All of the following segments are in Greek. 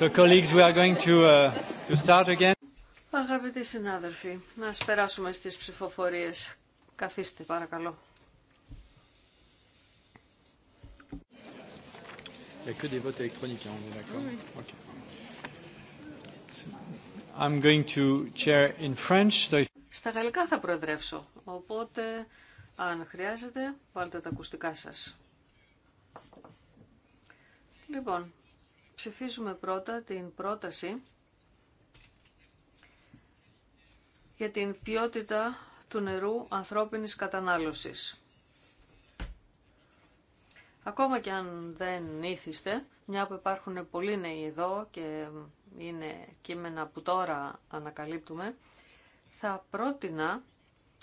So, colleagues, we are going to, uh, to start again. Αγαπητοί συνάδελφοι, να ας περάσουμε στις ψηφοφορίες. Καθίστε παρακαλώ. Il n'y a que des votes électroniques, hein, on est d'accord oui. okay. I'm going to chair in French. So... Στα γαλλικά θα προεδρεύσω, οπότε αν χρειάζεται, βάλτε τα ακουστικά σας. Λοιπόν, Ψηφίζουμε πρώτα την πρόταση για την ποιότητα του νερού ανθρώπινης κατανάλωσης. Ακόμα και αν δεν ήθιστε, μια που υπάρχουν πολλοί νέοι εδώ και είναι κείμενα που τώρα ανακαλύπτουμε, θα πρότεινα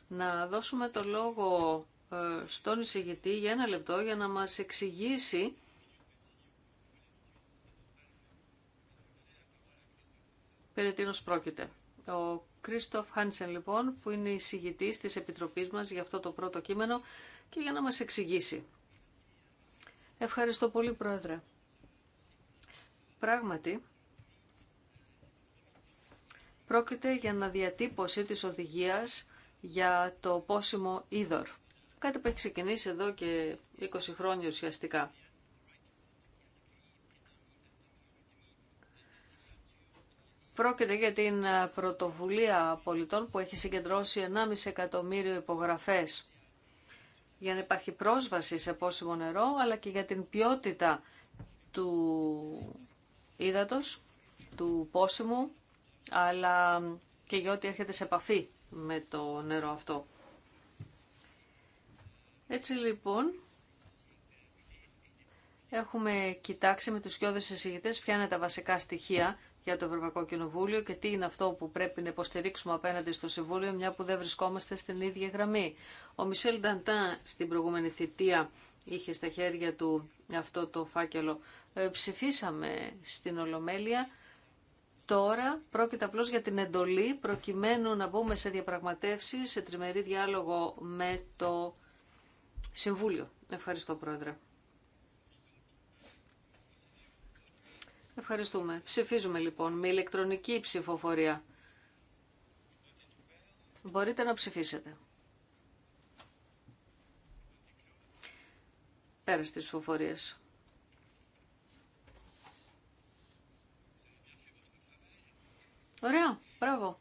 να δώσουμε το λόγο ε, στον εισηγητή για ένα λεπτό για να μας εξηγήσει περί τίνος πρόκειται. Ο Κρίστοφ Χάνσεν λοιπόν που είναι η συγητής της Επιτροπής μας για αυτό το πρώτο κείμενο και για να μας εξηγήσει. Ευχαριστώ πολύ Πρόεδρε. Πράγματι, πρόκειται για να διατύπωση της οδηγίας για το πόσιμο είδωρ. Κάτι που έχει ξεκινήσει εδώ και 20 χρόνια ουσιαστικά. Πρόκειται για την ε, πρωτοβουλία πολιτών που έχει συγκεντρώσει 1,5 εκατομμύριο υπογραφές για να υπάρχει πρόσβαση σε πόσιμο νερό, αλλά και για την ποιότητα του ύδατος, του πόσιμου, αλλά και για ό,τι έρχεται σε επαφή με το νερό αυτό. Έτσι λοιπόν, έχουμε κοιτάξει με τους κοιόδες εισηγητές ποια είναι τα βασικά στοιχεία για το Ευρωπαϊκό Κοινοβούλιο και τι είναι αυτό που πρέπει να υποστηρίξουμε απέναντι στο Συμβούλιο, μια που δεν βρισκόμαστε στην ίδια γραμμή. Ο Μισελ Νταντάν στην προηγούμενη θητεία είχε στα χέρια του αυτό το φάκελο. Ε, ψηφίσαμε στην Ολομέλεια. Τώρα πρόκειται απλώς για την εντολή προκειμένου να μπούμε σε διαπραγματεύσει σε τριμερή διάλογο με το Συμβούλιο. Ευχαριστώ Πρόεδρε. Ευχαριστούμε. Ψηφίζουμε λοιπόν με ηλεκτρονική ψηφοφορία. Μπορείτε να ψηφίσετε. Πέρα τις ψηφοφορίες. Ωραία, μπράβο.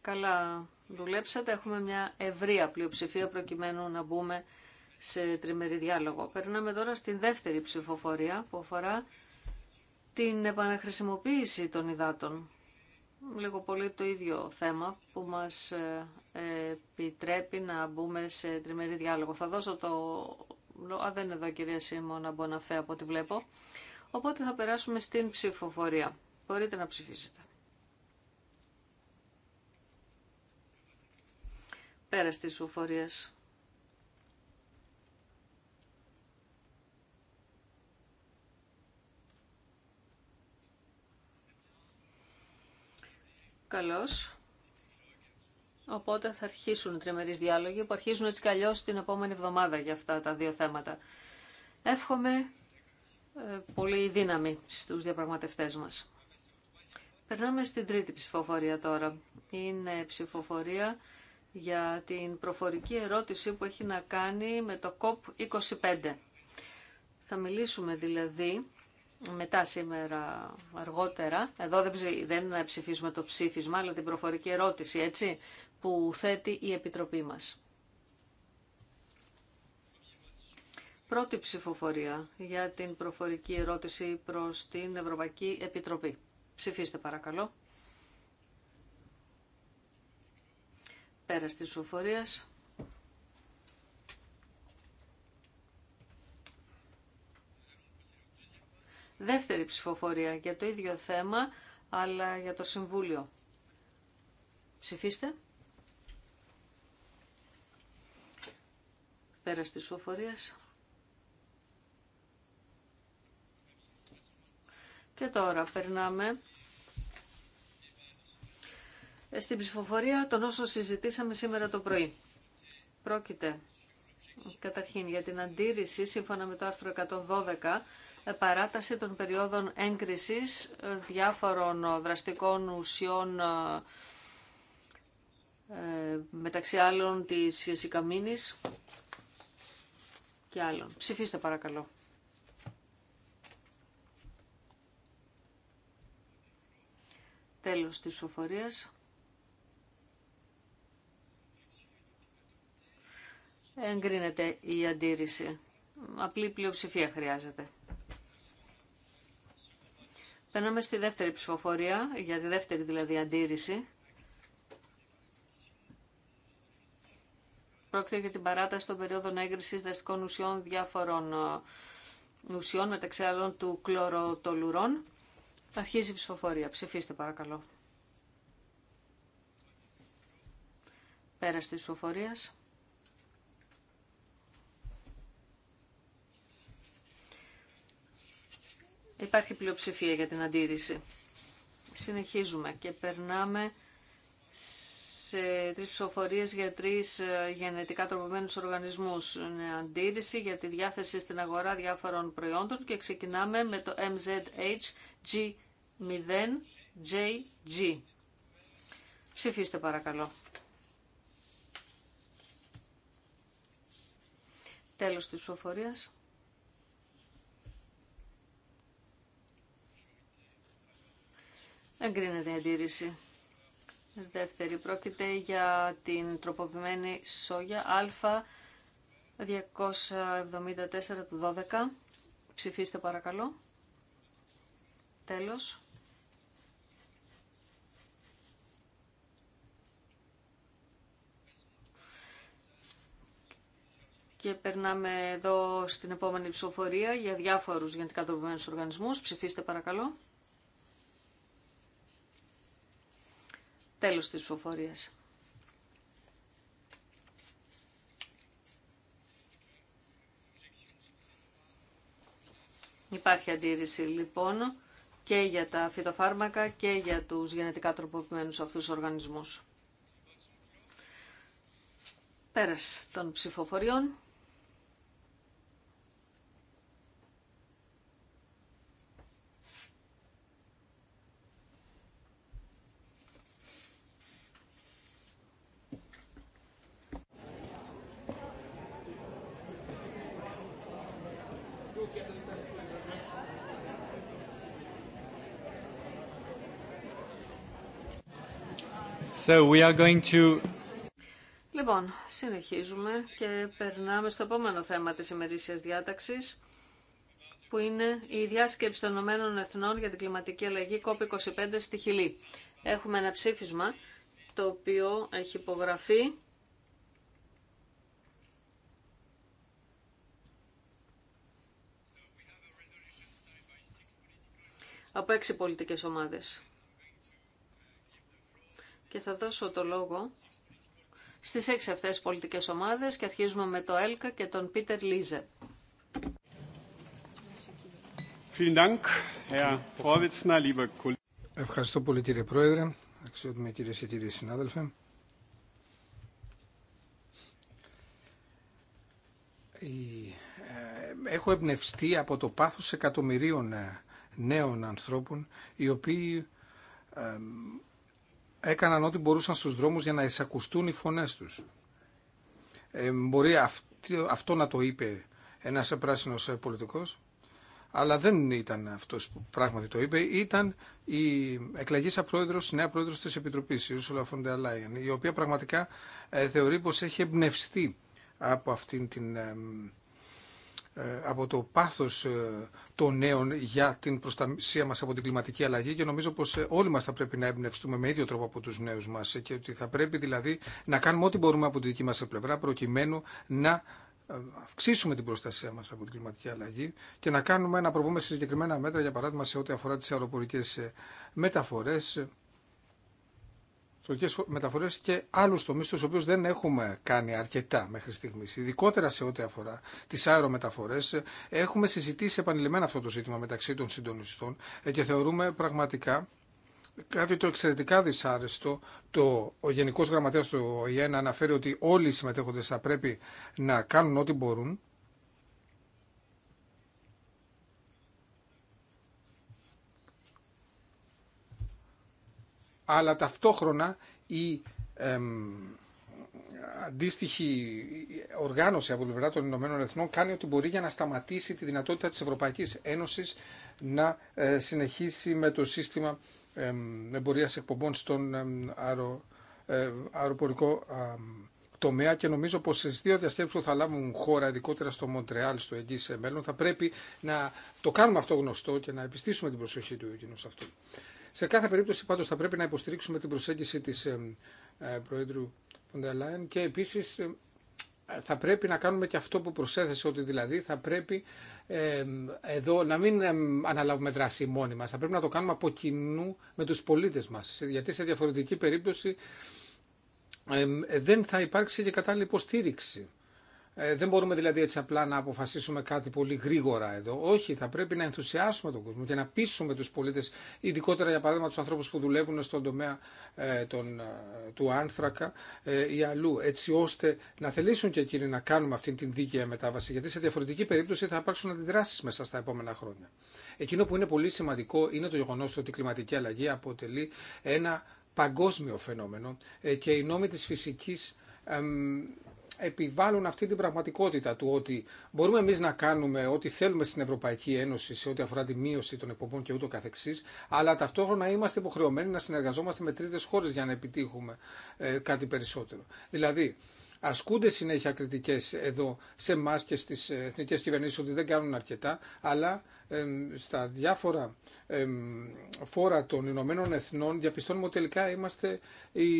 Καλά δουλέψατε. Έχουμε μια ευρία πλειοψηφία προκειμένου να μπούμε σε τριμερή διάλογο. Περνάμε τώρα στην δεύτερη ψηφοφορία που αφορά την επαναχρησιμοποίηση των υδάτων. Λίγο πολύ το ίδιο θέμα που μας ε, επιτρέπει να μπούμε σε τριμερή διάλογο. Θα δώσω το... Α, δεν είναι εδώ κυρία Σίμωνα Μποναφέ από ό,τι βλέπω. Οπότε θα περάσουμε στην ψηφοφορία. Μπορείτε να ψηφίσετε. Πέρα της ψηφοφορίας. Καλώς. Οπότε θα αρχίσουν οι τριμερείς διάλογοι που αρχίζουν έτσι κι την επόμενη εβδομάδα για αυτά τα δύο θέματα. Εύχομαι ε, πολύ δύναμη στους διαπραγματευτές μας. Περνάμε στην τρίτη ψηφοφορία τώρα. Είναι ψηφοφορία για την προφορική ερώτηση που έχει να κάνει με το COP25. Θα μιλήσουμε δηλαδή μετά σήμερα αργότερα, εδώ δεν, δεν ψηφίζουμε το ψήφισμα, αλλά την προφορική ερώτηση, έτσι, που θέτει η Επιτροπή μας. Πρώτη ψηφοφορία για την προφορική ερώτηση προς την Ευρωπαϊκή Επιτροπή. Ψηφίστε παρακαλώ. Πέρα της ψηφοφορίας. δεύτερη ψηφοφορία για το ίδιο θέμα, αλλά για το Συμβούλιο. Ψηφίστε. Πέρα της ψηφοφορίας. Και τώρα περνάμε στην ψηφοφορία των όσων συζητήσαμε σήμερα το πρωί. Πρόκειται καταρχήν για την αντίρρηση σύμφωνα με το άρθρο 112 παράταση των περιόδων έγκρισης ε, διάφορων ε, δραστικών ουσιών ε, μεταξύ άλλων της φυσικαμίνης και άλλων. Ψηφίστε παρακαλώ. Τέλος της ψηφοφορίας. Εγκρίνεται η αντίρρηση. Απλή πλειοψηφία χρειάζεται. Περνάμε στη δεύτερη ψηφοφορία, για τη δεύτερη δηλαδή αντίρρηση. Πρόκειται για την παράταση των περίοδων έγκριση δραστικών ουσιών διάφορων ε, ουσιών, μεταξύ άλλων του κλωροτολουρών. Αρχίζει η ψηφοφορία. Ψηφίστε παρακαλώ. Πέρα τη ψηφοφορία. Υπάρχει πλειοψηφία για την αντίρρηση. Συνεχίζουμε και περνάμε σε τρεις ψηφοφορίες για τρεις ε, γενετικά τροποποιημένους οργανισμούς. Είναι αντίρρηση για τη διάθεση στην αγορά διάφορων προϊόντων και ξεκινάμε με το MZHG0JG. Ψηφίστε παρακαλώ. Τέλος της ψηφοφορίας. Εγκρίνεται η αντίρρηση. Δεύτερη πρόκειται για την τροποποιημένη σόγια Α274 του 12. Ψηφίστε παρακαλώ. Τέλος. Και περνάμε εδώ στην επόμενη ψηφοφορία για διάφορους γενικά τροποποιημένους οργανισμούς. Ψηφίστε παρακαλώ. Τέλος της ψηφοφορίας. Υπάρχει αντίρρηση λοιπόν και για τα φυτοφάρμακα και για τους γενετικά τροποποιημένους αυτούς οργανισμούς. Πέρας των ψηφοφοριών. we are going to... Λοιπόν, συνεχίζουμε και περνάμε στο επόμενο θέμα της ημερήσιας διάταξης που είναι η διάσκεψη των Ηνωμένων Εθνών για την κλιματική αλλαγή COP25 στη Χιλή. Έχουμε ένα ψήφισμα το οποίο έχει υπογραφεί από έξι πολιτικές ομάδες και θα δώσω το λόγο στις έξι αυτές πολιτικές ομάδες και αρχίζουμε με το ΕΛΚΑ και τον Πίτερ Λίζε. Ευχαριστώ πολύ κύριε Πρόεδρε, αξιότιμοι κυρίε και κύριοι συνάδελφοι. Ε, έχω εμπνευστεί από το πάθος εκατομμυρίων ε, νέων ανθρώπων οι οποίοι ε, έκαναν ό,τι μπορούσαν στους δρόμους για να εισακουστούν οι φωνές τους. Ε, μπορεί αυτό, αυτό να το είπε ένας πράσινος πολιτικός, αλλά δεν ήταν αυτός που πράγματι το είπε, ήταν η εκλεγήσα απρόεδρος, η νέα πρόεδρος της Επιτροπής, η Ursula von der η οποία πραγματικά ε, θεωρεί πως έχει εμπνευστεί από αυτήν την ε, από το πάθος ε, των νέων για την προστασία μας από την κλιματική αλλαγή και νομίζω πως ε, όλοι μας θα πρέπει να εμπνευστούμε με ίδιο τρόπο από τους νέους μας και ότι θα πρέπει δηλαδή να κάνουμε ό,τι μπορούμε από τη δική μας πλευρά προκειμένου να αυξήσουμε την προστασία μας από την κλιματική αλλαγή και να κάνουμε να προβούμε σε συγκεκριμένα μέτρα για παράδειγμα σε ό,τι αφορά τις αεροπορικές μεταφορές μεταφορές και άλλου τομεί του οποίου δεν έχουμε κάνει αρκετά μέχρι στιγμή, Ειδικότερα σε ό,τι αφορά τις αερομεταφορές ε, έχουμε συζητήσει επανειλημμένα αυτό το ζήτημα μεταξύ των συντονιστών ε, και θεωρούμε πραγματικά κάτι το εξαιρετικά δυσάρεστο, το, ο Γενικός Γραμματέας του ΟΗΕ αναφέρει ότι όλοι οι συμμετέχοντες θα πρέπει να κάνουν ό,τι μπορούν αλλά ταυτόχρονα η αντίστοιχη οργάνωση από την πλευρά των Ηνωμένων Εθνών κάνει ό,τι μπορεί για να σταματήσει τη δυνατότητα της Ευρωπαϊκής Ένωσης να ε, συνεχίσει με το σύστημα εμπορίας εκπομπών στον αερο, ε, αεροπορικό τομέα και νομίζω πως στις δύο διασκέψεις που θα λάβουν χώρα, ειδικότερα στο Μοντρεάλ, στο εγγύς μέλλον, θα πρέπει να το κάνουμε αυτό γνωστό και να επιστήσουμε την προσοχή του κοινού σε αυτό. Σε κάθε περίπτωση πάντως θα πρέπει να υποστηρίξουμε την προσέγγιση της ε, Προέδρου Ποντελάιν και επίσης ε, θα πρέπει να κάνουμε και αυτό που προσέθεσε ότι δηλαδή θα πρέπει εδώ να μην αναλάβουμε δράση μόνοι μας, θα πρέπει να το κάνουμε από κοινού με τους πολίτες μας, γιατί σε διαφορετική περίπτωση ε, δεν θα υπάρξει και κατάλληλη υποστήριξη ε, δεν μπορούμε δηλαδή έτσι απλά να αποφασίσουμε κάτι πολύ γρήγορα εδώ. Όχι, θα πρέπει να ενθουσιάσουμε τον κόσμο και να πείσουμε του πολίτε, ειδικότερα για παράδειγμα του ανθρώπου που δουλεύουν στον τομέα ε, τον, ε, του άνθρακα ε, ή αλλού, έτσι ώστε να θελήσουν και εκείνοι να κάνουμε αυτή την δίκαια μετάβαση. Γιατί σε διαφορετική περίπτωση θα υπάρξουν αντιδράσει μέσα στα επόμενα χρόνια. Εκείνο που είναι πολύ σημαντικό είναι το γεγονό ότι η κλιματική αλλαγή αποτελεί ένα παγκόσμιο φαινόμενο και οι νόμοι τη φυσική επιβάλλουν αυτή την πραγματικότητα του ότι μπορούμε εμεί να κάνουμε ό,τι θέλουμε στην Ευρωπαϊκή Ένωση σε ό,τι αφορά τη μείωση των εκπομπών και ούτω καθεξή, αλλά ταυτόχρονα είμαστε υποχρεωμένοι να συνεργαζόμαστε με τρίτες χώρε για να επιτύχουμε ε, κάτι περισσότερο. Δηλαδή, Ασκούνται συνέχεια κριτικέ εδώ σε εμά και στι εθνικέ κυβερνήσει ότι δεν κάνουν αρκετά, αλλά στα διάφορα φόρα των Ηνωμένων Εθνών διαπιστώνουμε ότι τελικά είμαστε οι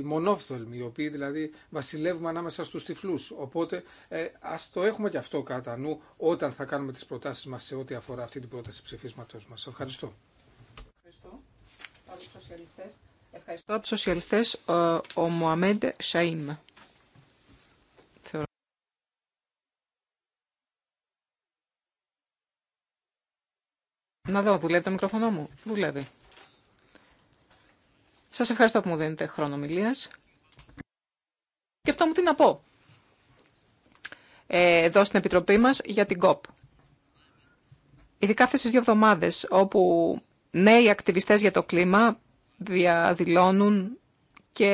μονόφθολμοι, οι οποίοι δηλαδή βασιλεύουμε ανάμεσα στου τυφλού. Οπότε ε, ας το έχουμε και αυτό κατά νου όταν θα κάνουμε τι προτάσει μα σε ό,τι αφορά αυτή την πρόταση ψηφίσματος μας. Ευχαριστώ. Ευχαριστώ. Από σοσιαλιστές, Ευχαριστώ. Από τους σοσιαλιστές ο, Μωαμέντε Να δω, δουλεύει το μικρόφωνο μου. Δουλεύει. Σας ευχαριστώ που μου δίνετε χρόνο μιλίας. Και αυτό μου τι να πω. Ε, εδώ στην Επιτροπή μας για την ΚΟΠ. Ειδικά αυτές τις δύο εβδομάδες όπου νέοι ακτιβιστές για το κλίμα διαδηλώνουν και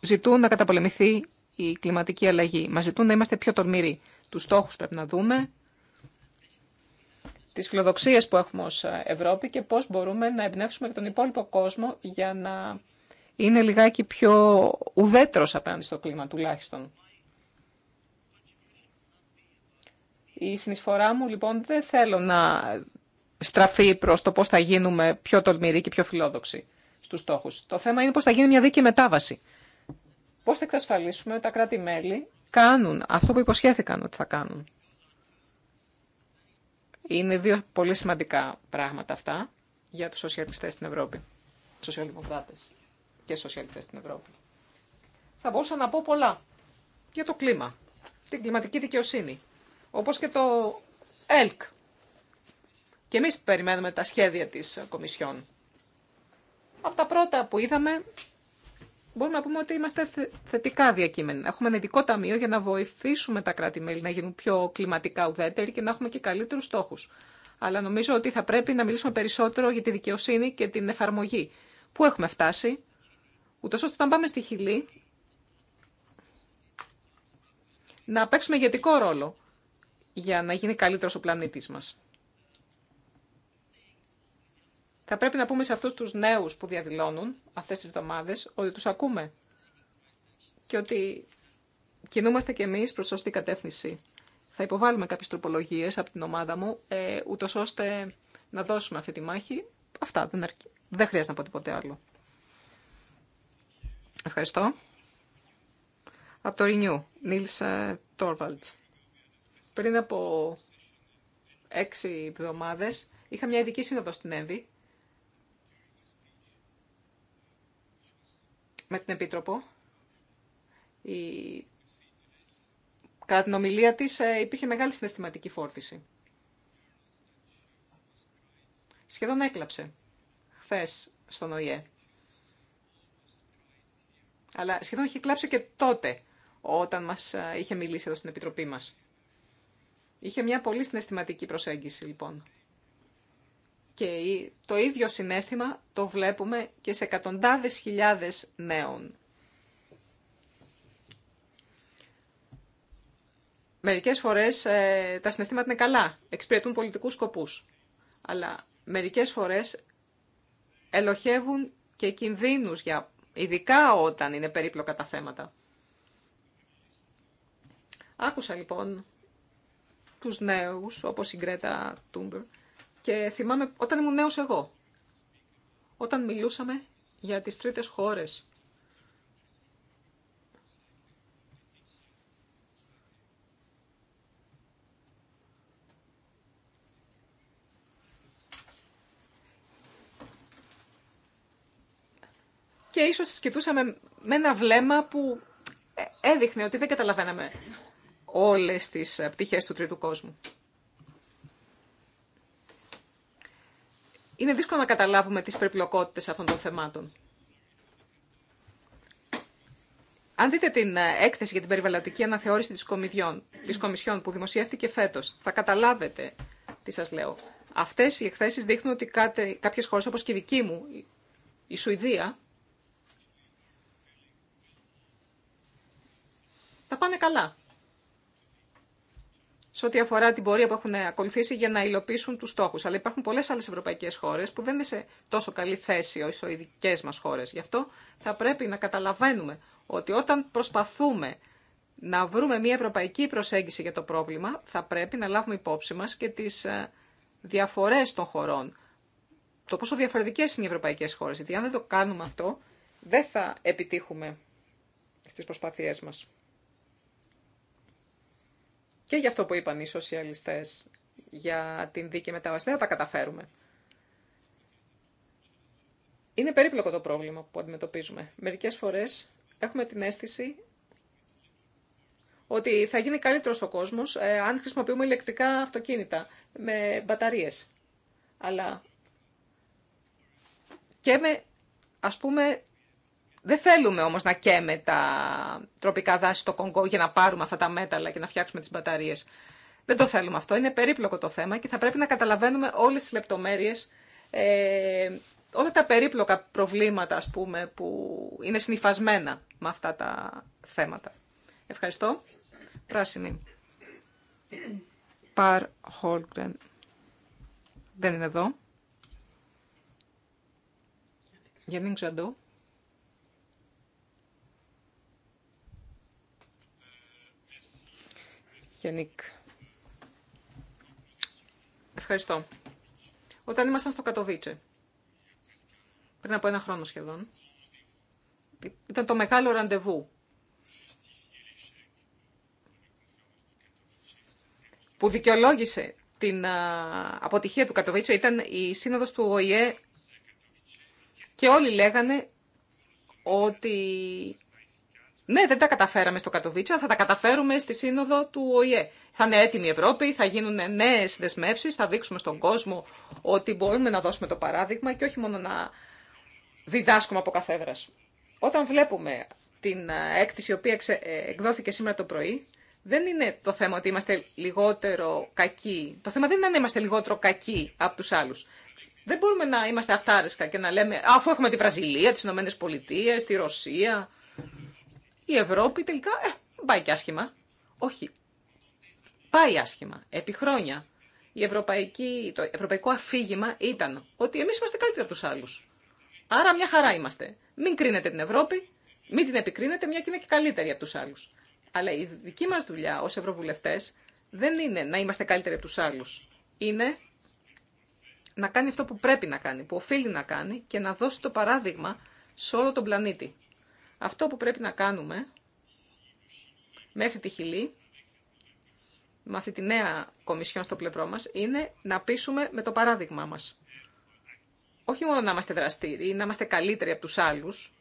ζητούν να καταπολεμηθεί η κλιματική αλλαγή. Μας ζητούν να είμαστε πιο τορμηροί. Τους στόχους πρέπει να δούμε, τις φιλοδοξίες που έχουμε ως Ευρώπη και πώς μπορούμε να εμπνεύσουμε και τον υπόλοιπο κόσμο για να είναι λιγάκι πιο ουδέτερος απέναντι στο κλίμα τουλάχιστον. Η συνεισφορά μου λοιπόν δεν θέλω να στραφεί προς το πώς θα γίνουμε πιο τολμηροί και πιο φιλόδοξοι στους στόχους. Το θέμα είναι πώς θα γίνει μια δίκαιη μετάβαση. Πώς θα εξασφαλίσουμε ότι τα κράτη-μέλη κάνουν αυτό που υποσχέθηκαν ότι θα κάνουν. Είναι δύο πολύ σημαντικά πράγματα αυτά για τους σοσιαλιστές στην Ευρώπη. Σοσιαλδημοκράτες και σοσιαλιστές στην Ευρώπη. Θα μπορούσα να πω πολλά για το κλίμα, την κλιματική δικαιοσύνη, όπως και το ΕΛΚ. Και εμείς περιμένουμε τα σχέδια της Κομισιόν. Από τα πρώτα που είδαμε μπορούμε να πούμε ότι είμαστε θετικά διακείμενοι. Έχουμε ένα ειδικό ταμείο για να βοηθήσουμε τα κράτη-μέλη να γίνουν πιο κλιματικά ουδέτεροι και να έχουμε και καλύτερου στόχου. Αλλά νομίζω ότι θα πρέπει να μιλήσουμε περισσότερο για τη δικαιοσύνη και την εφαρμογή. Πού έχουμε φτάσει, ούτω ώστε όταν πάμε στη Χιλή να παίξουμε ηγετικό ρόλο για να γίνει καλύτερο ο πλανήτη μας. Θα πρέπει να πούμε σε αυτούς τους νέους που διαδηλώνουν αυτές τις εβδομάδες ότι τους ακούμε και ότι κινούμαστε κι εμείς προς σωστή κατεύθυνση. Θα υποβάλουμε κάποιες τροπολογίες από την ομάδα μου, ε, ώστε να δώσουμε αυτή τη μάχη. Αυτά, δεν, δεν χρειάζεται να πω τίποτε άλλο. Ευχαριστώ. Από το Renew, Νίλς Τόρβαλτ. Ε, Πριν από έξι εβδομάδες είχα μια ειδική σύνοδο στην Εύη με την Επίτροπο. Η... Κατά την ομιλία της ε, υπήρχε μεγάλη συναισθηματική φόρτιση. Σχεδόν έκλαψε χθες στον ΟΗΕ. Αλλά σχεδόν είχε κλάψει και τότε όταν μας ε, είχε μιλήσει εδώ στην Επιτροπή μας. Είχε μια πολύ συναισθηματική προσέγγιση λοιπόν. Και το ίδιο συνέστημα το βλέπουμε και σε εκατοντάδες χιλιάδες νέων. Μερικές φορές ε, τα συναισθήματα είναι καλά, εξυπηρετούν πολιτικούς σκοπούς. Αλλά μερικές φορές ελοχεύουν και κινδύνους, για, ειδικά όταν είναι περίπλοκα τα θέματα. Άκουσα λοιπόν τους νέους, όπως η Γκρέτα Τούμπερ, και θυμάμαι όταν ήμουν νέος εγώ, όταν μιλούσαμε για τις τρίτες χώρες, και ίσως σκητούσαμε με ένα βλέμμα που ε, έδειχνε ότι δεν καταλαβαίναμε όλες τις ε, πτυχές του τρίτου κόσμου. είναι δύσκολο να καταλάβουμε τις περιπλοκότητες αυτών των θεμάτων. Αν δείτε την ε, έκθεση για την περιβαλλοντική αναθεώρηση της, κομιδιών, της Κομισιόν που δημοσιεύτηκε φέτος, θα καταλάβετε τι σας λέω. Αυτές οι εκθέσεις δείχνουν ότι κάποιες χώρες όπως και η δική μου, η Σουηδία, τα πάνε καλά σε ό,τι αφορά την πορεία που έχουν ακολουθήσει για να υλοποιήσουν του στόχου. Αλλά υπάρχουν πολλέ άλλε ευρωπαϊκέ χώρε που δεν είναι σε τόσο καλή θέση όσο οι δικέ μα χώρε. Γι' αυτό θα πρέπει να καταλαβαίνουμε ότι όταν προσπαθούμε να βρούμε μια ευρωπαϊκή προσέγγιση για το πρόβλημα, θα πρέπει να λάβουμε υπόψη μα και τι ε, διαφορέ των χωρών. Το πόσο διαφορετικέ είναι οι ευρωπαϊκέ χώρε. Γιατί αν δεν το κάνουμε αυτό, δεν θα επιτύχουμε στι προσπάθειές μας και για αυτό που είπαν οι σοσιαλιστές για την δίκη μετάβαση. θα τα καταφέρουμε. Είναι περίπλοκο το πρόβλημα που αντιμετωπίζουμε. Μερικές φορές έχουμε την αίσθηση ότι θα γίνει καλύτερος ο κόσμος ε, αν χρησιμοποιούμε ηλεκτρικά αυτοκίνητα με μπαταρίες. Αλλά και με, ας πούμε, δεν θέλουμε όμως να καίμε τα τροπικά δάση στο Κονγκό για να πάρουμε αυτά τα μέταλλα και να φτιάξουμε τις μπαταρίες. Δεν το θέλουμε αυτό. Είναι περίπλοκο το θέμα και θα πρέπει να καταλαβαίνουμε όλες τις λεπτομέρειες, ε, όλα τα περίπλοκα προβλήματα ας πούμε, που είναι συνειφασμένα με αυτά τα θέματα. Ευχαριστώ. Πράσινη. Παρ Χόλγκρεν. Δεν είναι εδώ. Γιάννη Ευχαριστώ. Όταν ήμασταν στο Κατοβίτσε, πριν από ένα χρόνο σχεδόν, ήταν το μεγάλο ραντεβού που δικαιολόγησε την αποτυχία του Κατοβίτσε. ήταν η σύνοδος του ΟΗΕ και όλοι λέγανε ότι ναι, δεν τα καταφέραμε στο Κατοβίτσα, θα τα καταφέρουμε στη σύνοδο του ΟΗΕ. Θα είναι έτοιμη η Ευρώπη, θα γίνουν νέε δεσμεύσει, θα δείξουμε στον κόσμο ότι μπορούμε να δώσουμε το παράδειγμα και όχι μόνο να διδάσκουμε από καθέδρα. Όταν βλέπουμε την ε, έκθεση η οποία ε, εκδόθηκε σήμερα το πρωί, δεν είναι το θέμα ότι είμαστε λιγότερο κακοί. Το θέμα δεν είναι να είμαστε λιγότερο κακοί από του άλλου. Δεν μπορούμε να είμαστε αυτάρισκα και να λέμε, αφού έχουμε τη Βραζιλία, τι Ηνωμένε Πολιτείε, τη Ρωσία, η Ευρώπη τελικά ε, πάει και άσχημα. Όχι. Πάει άσχημα. Επί χρόνια η ευρωπαϊκή, το ευρωπαϊκό αφήγημα ήταν ότι εμεί είμαστε καλύτεροι από του άλλου. Άρα μια χαρά είμαστε. Μην κρίνετε την Ευρώπη, μην την επικρίνετε, μια και είναι και καλύτερη από του άλλου. Αλλά η δική μα δουλειά ω ευρωβουλευτέ, δεν είναι να είμαστε καλύτεροι από του άλλου. Είναι να κάνει αυτό που πρέπει να κάνει, που οφείλει να κάνει και να δώσει το παράδειγμα σε όλο τον πλανήτη. Αυτό που πρέπει να κάνουμε μέχρι τη Χιλή, με αυτή τη νέα κομισιόν στο πλευρό μας, είναι να πείσουμε με το παράδειγμά μας. Όχι μόνο να είμαστε δραστήριοι, να είμαστε καλύτεροι από τους άλλους,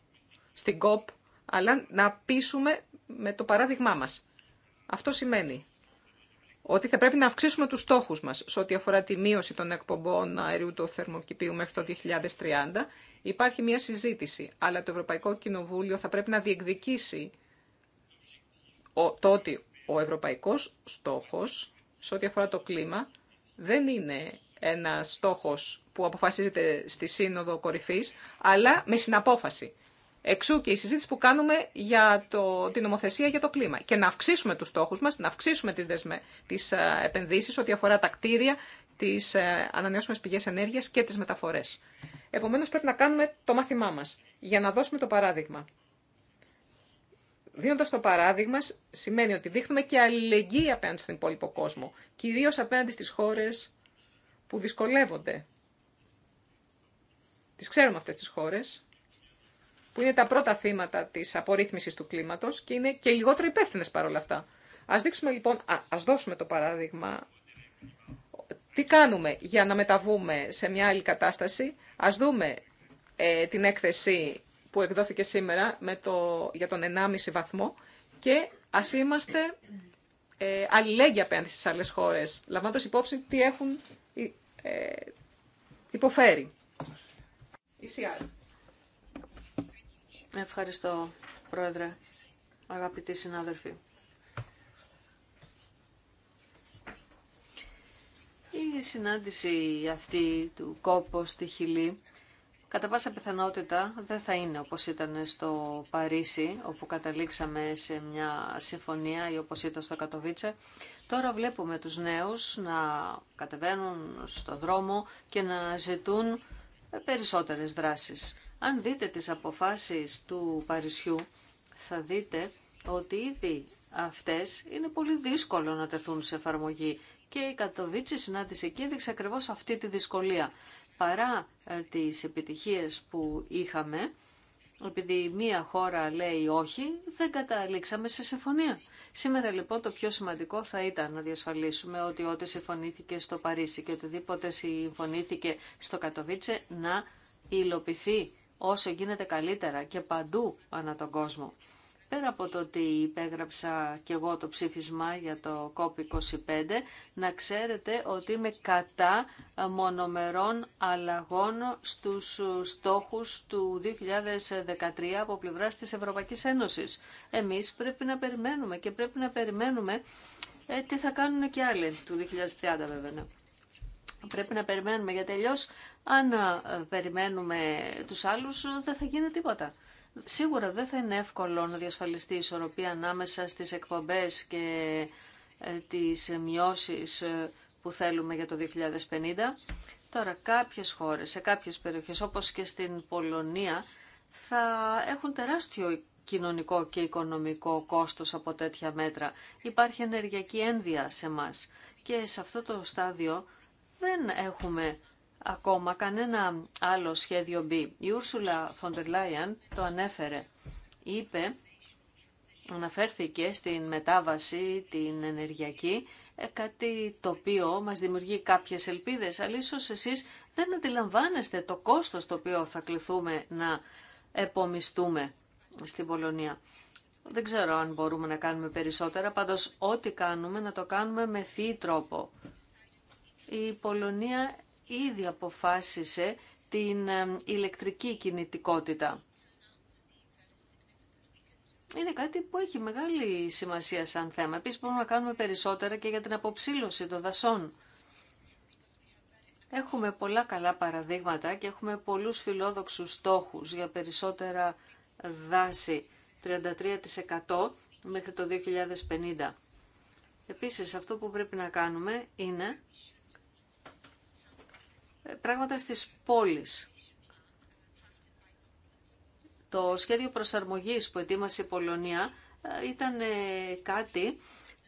στην ΚΟΠ, αλλά να πείσουμε με το παράδειγμά μας. Αυτό σημαίνει ότι θα πρέπει να αυξήσουμε τους στόχους μας σε ό,τι αφορά τη μείωση των εκπομπών αερίου του θερμοκηπίου μέχρι το 2030 Υπάρχει μια συζήτηση, αλλά το Ευρωπαϊκό Κοινοβούλιο θα πρέπει να διεκδικήσει το ότι ο ευρωπαϊκός στόχος σε ό,τι αφορά το κλίμα δεν είναι ένα στόχος που αποφασίζεται στη Σύνοδο Κορυφής, αλλά με συναπόφαση. Εξού και η συζήτηση που κάνουμε για το, την νομοθεσία για το κλίμα. Και να αυξήσουμε τους στόχους μας, να αυξήσουμε τις, δεσμε, τις ε, επενδύσεις ό,τι αφορά τα κτίρια, τις ε, ανανεώσιμες πηγές ενέργειας και τις μεταφορές. Επομένω, πρέπει να κάνουμε το μάθημά μα για να δώσουμε το παράδειγμα. Δίνοντα το παράδειγμα, σημαίνει ότι δείχνουμε και αλληλεγγύη απέναντι στον υπόλοιπο κόσμο, κυρίω απέναντι στι χώρε που δυσκολεύονται. Τι ξέρουμε αυτέ τι χώρε, που είναι τα πρώτα θύματα τη απορρίθμιση του κλίματο και είναι και λιγότερο υπεύθυνε παρόλα αυτά. Α δείξουμε λοιπόν, α ας δώσουμε το παράδειγμα τι κάνουμε για να μεταβούμε σε μια άλλη κατάσταση Ας δούμε ε, την έκθεση που εκδόθηκε σήμερα με το, για τον 1,5 βαθμό και ας είμαστε ε, αλληλέγγυα απέναντι στις άλλες χώρες, λαμβάνοντας υπόψη τι έχουν ε, υποφέρει. Ευχαριστώ, Πρόεδρε, αγαπητοί συνάδελφοι. Η συνάντηση αυτή του κόπο στη Χιλή κατά πάσα πιθανότητα δεν θα είναι όπως ήταν στο Παρίσι, όπου καταλήξαμε σε μια συμφωνία ή όπως ήταν στο Κατοβίτσε. Τώρα βλέπουμε τους νέους να κατεβαίνουν στο δρόμο και να ζητούν περισσότερες δράσεις. Αν δείτε τις αποφάσεις του Παρισιού, θα δείτε ότι ήδη αυτές είναι πολύ δύσκολο να τεθούν σε εφαρμογή και η Κατοβίτση συνάντησε και έδειξε ακριβώς αυτή τη δυσκολία. Παρά ε, τις επιτυχίες που είχαμε, επειδή μία χώρα λέει όχι, δεν καταλήξαμε σε συμφωνία. Σήμερα λοιπόν το πιο σημαντικό θα ήταν να διασφαλίσουμε ότι ό,τι συμφωνήθηκε στο Παρίσι και οτιδήποτε συμφωνήθηκε στο Κατοβίτσε να υλοποιηθεί όσο γίνεται καλύτερα και παντού ανά τον κόσμο πέρα από το ότι υπέγραψα και εγώ το ψήφισμα για το COP25, να ξέρετε ότι είμαι κατά μονομερών αλλαγών στους στόχους του 2013 από πλευράς της Ευρωπαϊκής Ένωσης. Εμείς πρέπει να περιμένουμε και πρέπει να περιμένουμε ε, τι θα κάνουν και άλλοι του 2030 βέβαια. Ναι. Πρέπει να περιμένουμε γιατί αλλιώ αν ε, περιμένουμε τους άλλους ε, δεν θα γίνει τίποτα. Σίγουρα δεν θα είναι εύκολο να διασφαλιστεί η ισορροπία ανάμεσα στις εκπομπές και ε, τις μειώσεις ε, που θέλουμε για το 2050. Τώρα κάποιες χώρες, σε κάποιες περιοχές όπως και στην Πολωνία θα έχουν τεράστιο κοινωνικό και οικονομικό κόστος από τέτοια μέτρα. Υπάρχει ενεργειακή ένδυα σε μας και σε αυτό το στάδιο δεν έχουμε ακόμα κανένα άλλο σχέδιο B. Η Ούρσουλα Φοντερ Λάιαν το ανέφερε. Είπε, αναφέρθηκε στην μετάβαση την ενεργειακή, ε, κάτι το οποίο μας δημιουργεί κάποιες ελπίδες, αλλά ίσως εσείς δεν αντιλαμβάνεστε το κόστος το οποίο θα κληθούμε να επομιστούμε στην Πολωνία. Δεν ξέρω αν μπορούμε να κάνουμε περισσότερα, πάντως ό,τι κάνουμε να το κάνουμε με θή τρόπο. Η Πολωνία ήδη αποφάσισε την ε, ηλεκτρική κινητικότητα. Είναι κάτι που έχει μεγάλη σημασία σαν θέμα. Επίσης μπορούμε να κάνουμε περισσότερα και για την αποψήλωση των δασών. Έχουμε πολλά καλά παραδείγματα και έχουμε πολλούς φιλόδοξους στόχους για περισσότερα δάση, 33% μέχρι το 2050. Επίσης αυτό που πρέπει να κάνουμε είναι πράγματα στις πόλεις. Το σχέδιο προσαρμογής που ετοίμασε η Πολωνία ε, ήταν ε, κάτι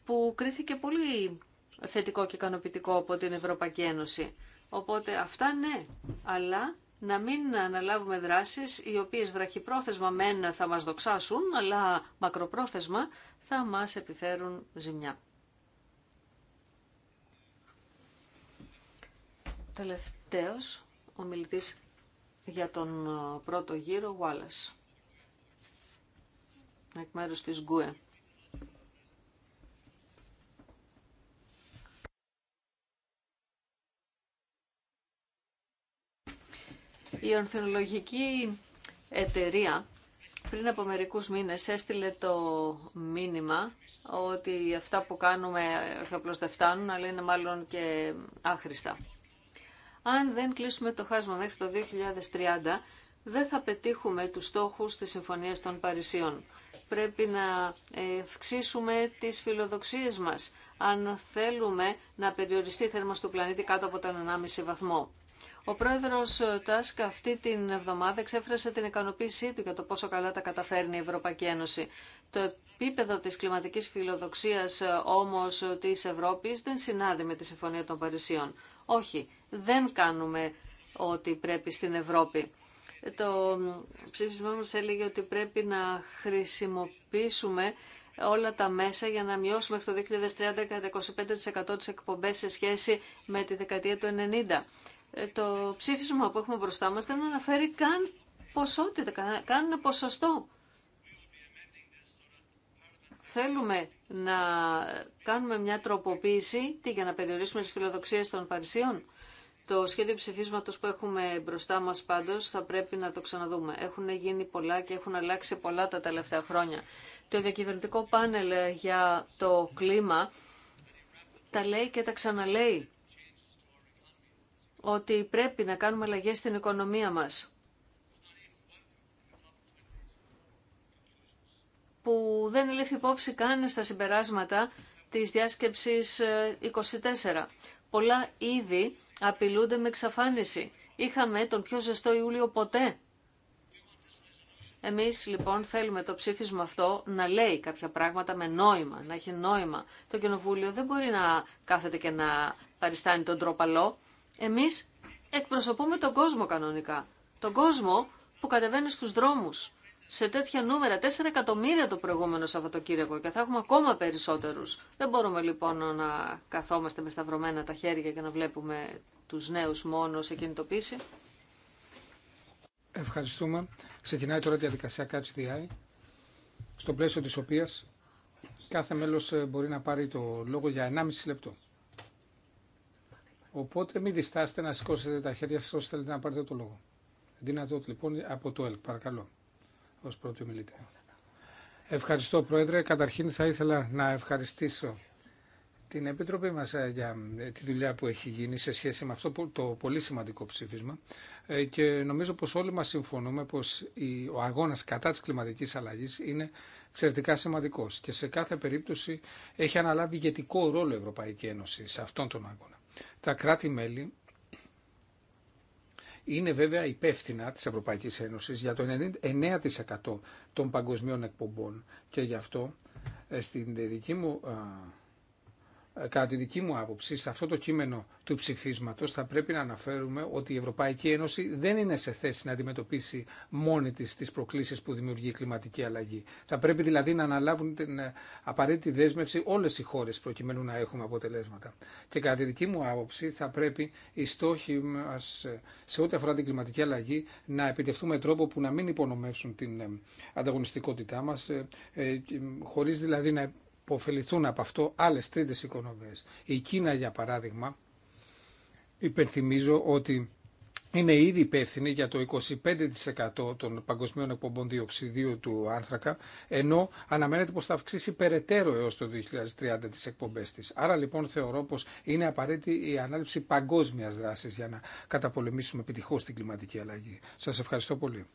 που κρίθηκε πολύ θετικό και ικανοποιητικό από την Ευρωπαϊκή Ένωση. Οπότε αυτά ναι, αλλά να μην αναλάβουμε δράσεις οι οποίες βραχυπρόθεσμα μεν θα μας δοξάσουν, αλλά μακροπρόθεσμα θα μας επιφέρουν ζημιά. Τελευταίος, ο μιλητής για τον ε, πρώτο γύρο, Wallace. Εκ μέρους της Γκουε. Η ορθολογική εταιρεία πριν από μερικούς μήνες έστειλε το μήνυμα ότι αυτά που κάνουμε όχι απλώς δεν φτάνουν, αλλά είναι μάλλον και άχρηστα αν δεν κλείσουμε το χάσμα μέχρι το 2030, δεν θα πετύχουμε τους στόχους της Συμφωνίας των Παρισίων. Πρέπει να αυξήσουμε τις φιλοδοξίες μας, αν θέλουμε να περιοριστεί η θέρμανση του πλανήτη κάτω από τον 1,5 βαθμό. Ο πρόεδρος Τάσκα αυτή την εβδομάδα εξέφρασε την ικανοποίησή του για το πόσο καλά τα καταφέρνει η Ευρωπαϊκή Ένωση. Το επίπεδο της κλιματικής φιλοδοξίας όμως της Ευρώπης δεν συνάδει με τη Συμφωνία των Παρισίων. Όχι, δεν κάνουμε ό,τι πρέπει στην Ευρώπη. Το ψήφισμα μας έλεγε ότι πρέπει να χρησιμοποιήσουμε όλα τα μέσα για να μειώσουμε μέχρι το 2030 κατά 25% τις εκπομπές σε σχέση με τη δεκαετία του 90. Ε, το ψήφισμα που έχουμε μπροστά μας δεν αναφέρει καν ποσότητα, καν ένα ποσοστό. Θέλουμε να κάνουμε μια τροποποίηση τι, για να περιορίσουμε τις φιλοδοξίες των Παρισίων. Το σχέδιο ψηφίσματος που έχουμε μπροστά μας πάντως θα πρέπει να το ξαναδούμε. Έχουν γίνει πολλά και έχουν αλλάξει πολλά τα τελευταία χρόνια. Το διακυβερνητικό πάνελ για το κλίμα τα λέει και τα ξαναλέει ότι πρέπει να κάνουμε αλλαγές στην οικονομία μας. που δεν ελήφθη υπόψη καν στα συμπεράσματα της διάσκεψης 24. Ε, πολλά ήδη απειλούνται με εξαφάνιση. Είχαμε τον πιο ζεστό Ιούλιο ποτέ. Εμείς λοιπόν θέλουμε το ψήφισμα αυτό να λέει κάποια πράγματα με νόημα, να έχει νόημα. Το Κοινοβούλιο δεν μπορεί να κάθεται και να παριστάνει τον τροπαλό. Εμείς εκπροσωπούμε τον κόσμο κανονικά. Τον κόσμο που κατεβαίνει στους δρόμους σε τέτοια νούμερα, 4 εκατομμύρια το προηγούμενο Σαββατοκύριακο και θα έχουμε ακόμα περισσότερου. Δεν μπορούμε λοιπόν να καθόμαστε με σταυρωμένα τα χέρια και να βλέπουμε του νέου μόνο σε κινητοποίηση. Ευχαριστούμε. Ξεκινάει τώρα η διαδικασία Catch the Eye, στο πλαίσιο τη οποία κάθε μέλο ε, μπορεί να πάρει το λόγο για 1,5 λεπτό. Οπότε μην διστάσετε να σηκώσετε τα χέρια σας θέλετε να πάρετε το λόγο. Δυνατότητα λοιπόν από το ΕΛΚ, παρακαλώ ως πρώτη ομιλήτρια. Ευχαριστώ Πρόεδρε. Καταρχήν θα ήθελα να ευχαριστήσω την Επιτροπή μας ε, για ε, τη δουλειά που έχει γίνει σε σχέση με αυτό το πολύ σημαντικό ψήφισμα ε, και νομίζω πως όλοι μας συμφωνούμε πως ο αγώνας κατά της κλιματικής αλλαγής είναι εξαιρετικά σημαντικός και σε κάθε περίπτωση έχει αναλάβει ηγετικό ρόλο η Ευρωπαϊκή Ένωση σε αυτόν τον αγώνα. Τα κράτη-μέλη είναι βέβαια υπεύθυνα της Ευρωπαϊκής Ένωσης για το 9% των παγκοσμίων εκπομπών και γι' αυτό ε, στην δική μου ε, κατά τη δική μου άποψη, σε αυτό το κείμενο του ψηφίσματο θα πρέπει να αναφέρουμε ότι η Ευρωπαϊκή Ένωση δεν είναι σε θέση να αντιμετωπίσει μόνη τη τι προκλήσει που δημιουργεί η κλιματική αλλαγή. Θα πρέπει δηλαδή να αναλάβουν την ε, απαραίτητη δέσμευση όλε οι χώρε προκειμένου να έχουμε αποτελέσματα. Και κατά τη δική μου άποψη, θα πρέπει οι στόχοι μα ε, σε ό,τι αφορά την κλιματική αλλαγή να επιτευχθούν με τρόπο που να μην υπονομεύσουν την ανταγωνιστικότητά μα, χωρί δηλαδή να ωφεληθούν από αυτό άλλες τρίτες οικονομίες. Η Κίνα, για παράδειγμα, υπενθυμίζω ότι είναι ήδη υπεύθυνη για το 25% των παγκοσμίων εκπομπών διοξιδίου του άνθρακα, ενώ αναμένεται πως θα αυξήσει περαιτέρω έως το 2030 τις εκπομπές της. Άρα λοιπόν θεωρώ πως είναι απαραίτητη η ανάληψη παγκόσμιας δράσης για να καταπολεμήσουμε επιτυχώς την κλιματική αλλαγή. Σας ευχαριστώ πολύ.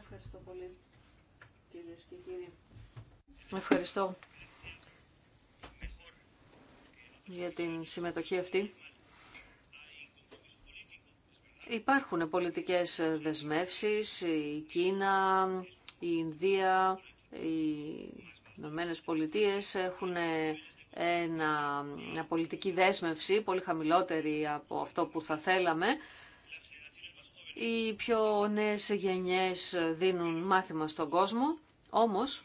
Ευχαριστώ πολύ, κυρίε και κύριοι. Ευχαριστώ για την συμμετοχή αυτή. Υπάρχουν πολιτικές δεσμεύσεις, η Κίνα, η Ινδία, οι Ηνωμένε Πολιτείε έχουν ένα, μια πολιτική δέσμευση πολύ χαμηλότερη από αυτό που θα θέλαμε οι πιο νέες γενιές δίνουν μάθημα στον κόσμο, όμως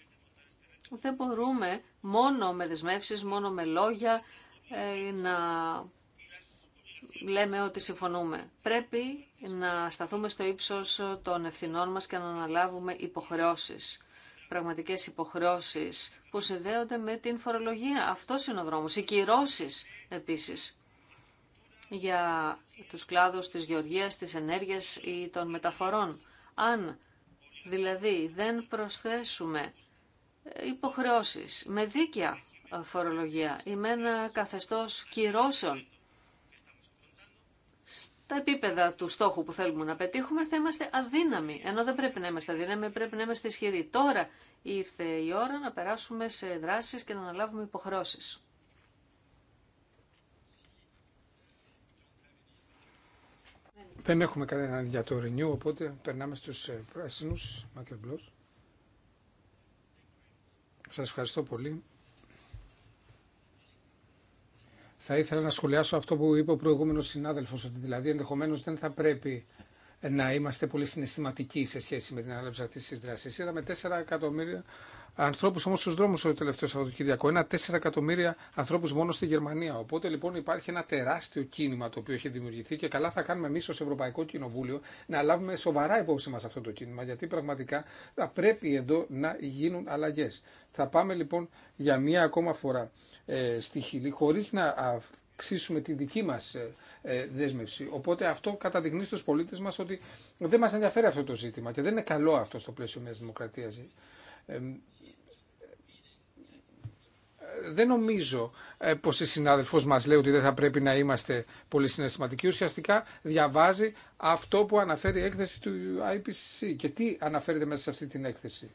δεν μπορούμε μόνο με δεσμεύσεις, μόνο με λόγια ε, να λέμε ότι συμφωνούμε. Πρέπει να σταθούμε στο ύψος των ευθυνών μας και να αναλάβουμε υποχρεώσεις, πραγματικές υποχρεώσεις που συνδέονται με την φορολογία. Αυτός είναι ο δρόμος. Οι κυρώσεις επίσης για τους κλάδους της γεωργίας, της ενέργειας ή των μεταφορών. Αν δηλαδή δεν προσθέσουμε υποχρεώσεις με δίκαια φορολογία ή με ένα καθεστώς κυρώσεων στα επίπεδα του στόχου που θέλουμε να πετύχουμε θα είμαστε αδύναμοι. Ενώ δεν πρέπει να είμαστε αδύναμοι, πρέπει να είμαστε ισχυροί. Τώρα ήρθε η ώρα να περάσουμε σε δράσεις και να αναλάβουμε υποχρεώσεις. Δεν έχουμε κανέναν για το Renew, οπότε περνάμε στους ε, πράσινους, Σας ευχαριστώ πολύ. Θα ήθελα να σχολιάσω αυτό που είπε ο προηγούμενος συνάδελφος, ότι δηλαδή ενδεχομένως δεν θα πρέπει ε, να είμαστε πολύ συναισθηματικοί σε σχέση με την ανάληψη αυτή τη Είδαμε 4 εκατομμύρια ανθρώπου όμω στου δρόμου το τελευταίο Σαββατοκύριακο. Ένα 4 εκατομμύρια ανθρώπου μόνο στη Γερμανία. Οπότε λοιπόν υπάρχει ένα τεράστιο κίνημα το οποίο έχει δημιουργηθεί και καλά θα κάνουμε εμεί ω Ευρωπαϊκό Κοινοβούλιο να λάβουμε σοβαρά υπόψη μα αυτό το κίνημα. Γιατί πραγματικά θα πρέπει εδώ να γίνουν αλλαγέ. Θα πάμε λοιπόν για μία ακόμα φορά ε, στη Χιλή χωρί να αυξήσουμε τη δική μα ε, ε, δέσμευση. Οπότε αυτό καταδεικνύει στου πολίτε μα ότι δεν μα ενδιαφέρει αυτό το ζήτημα και δεν είναι καλό αυτό στο πλαίσιο μια δημοκρατία δεν νομίζω ε, πω η συνάδελφοι μας λέει ότι δεν θα πρέπει να είμαστε πολύ συναισθηματικοί. Ουσιαστικά διαβάζει αυτό που αναφέρει η έκθεση του IPCC. Και τι αναφέρεται μέσα σε αυτή την έκθεση.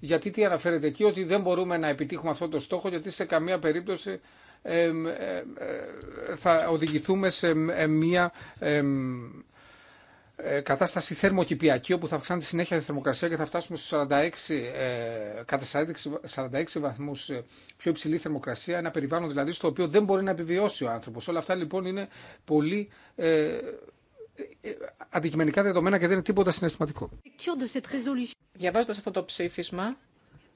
Γιατί τι αναφέρεται εκεί, ότι δεν μπορούμε να επιτύχουμε αυτό το στόχο, γιατί σε καμία περίπτωση ε, ε, θα οδηγηθούμε σε μία ε, κατάσταση θερμοκηπιακή όπου θα αυξάνεται συνέχεια η θερμοκρασία και θα φτάσουμε στους 46, ε, κατά 46 βαθμούς ε, πιο υψηλή θερμοκρασία, ένα περιβάλλον δηλαδή στο οποίο δεν μπορεί να επιβιώσει ο άνθρωπος. Όλα αυτά λοιπόν είναι πολύ ε, αντικειμενικά δεδομένα και δεν είναι τίποτα συναισθηματικό. Διαβάζοντα αυτό το ψήφισμα,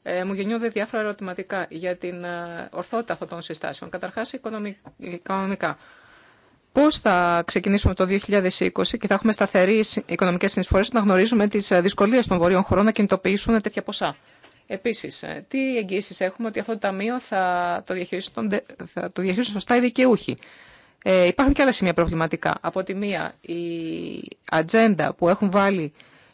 ε, μου γεννιούνται διάφορα ερωτηματικά για την ε, ορθότητα αυτών των συστάσεων. Καταρχάς, οικονομικά. Πώ θα ξεκινήσουμε το 2020 και θα έχουμε σταθερή οικονομικέ συνεισφορέ να γνωρίζουμε τι ε, δυσκολίε των βορείων χωρών να κινητοποιήσουν τέτοια ποσά. Επίση, ε, τι εγγύσει έχουμε ότι αυτό το ταμείο θα το διαχειρίσουν, θα το σωστά οι δικαιούχοι. Ε, υπάρχουν και άλλα σημεία προβληματικά. Από τη μία, η ατζέντα που έχουν βάλει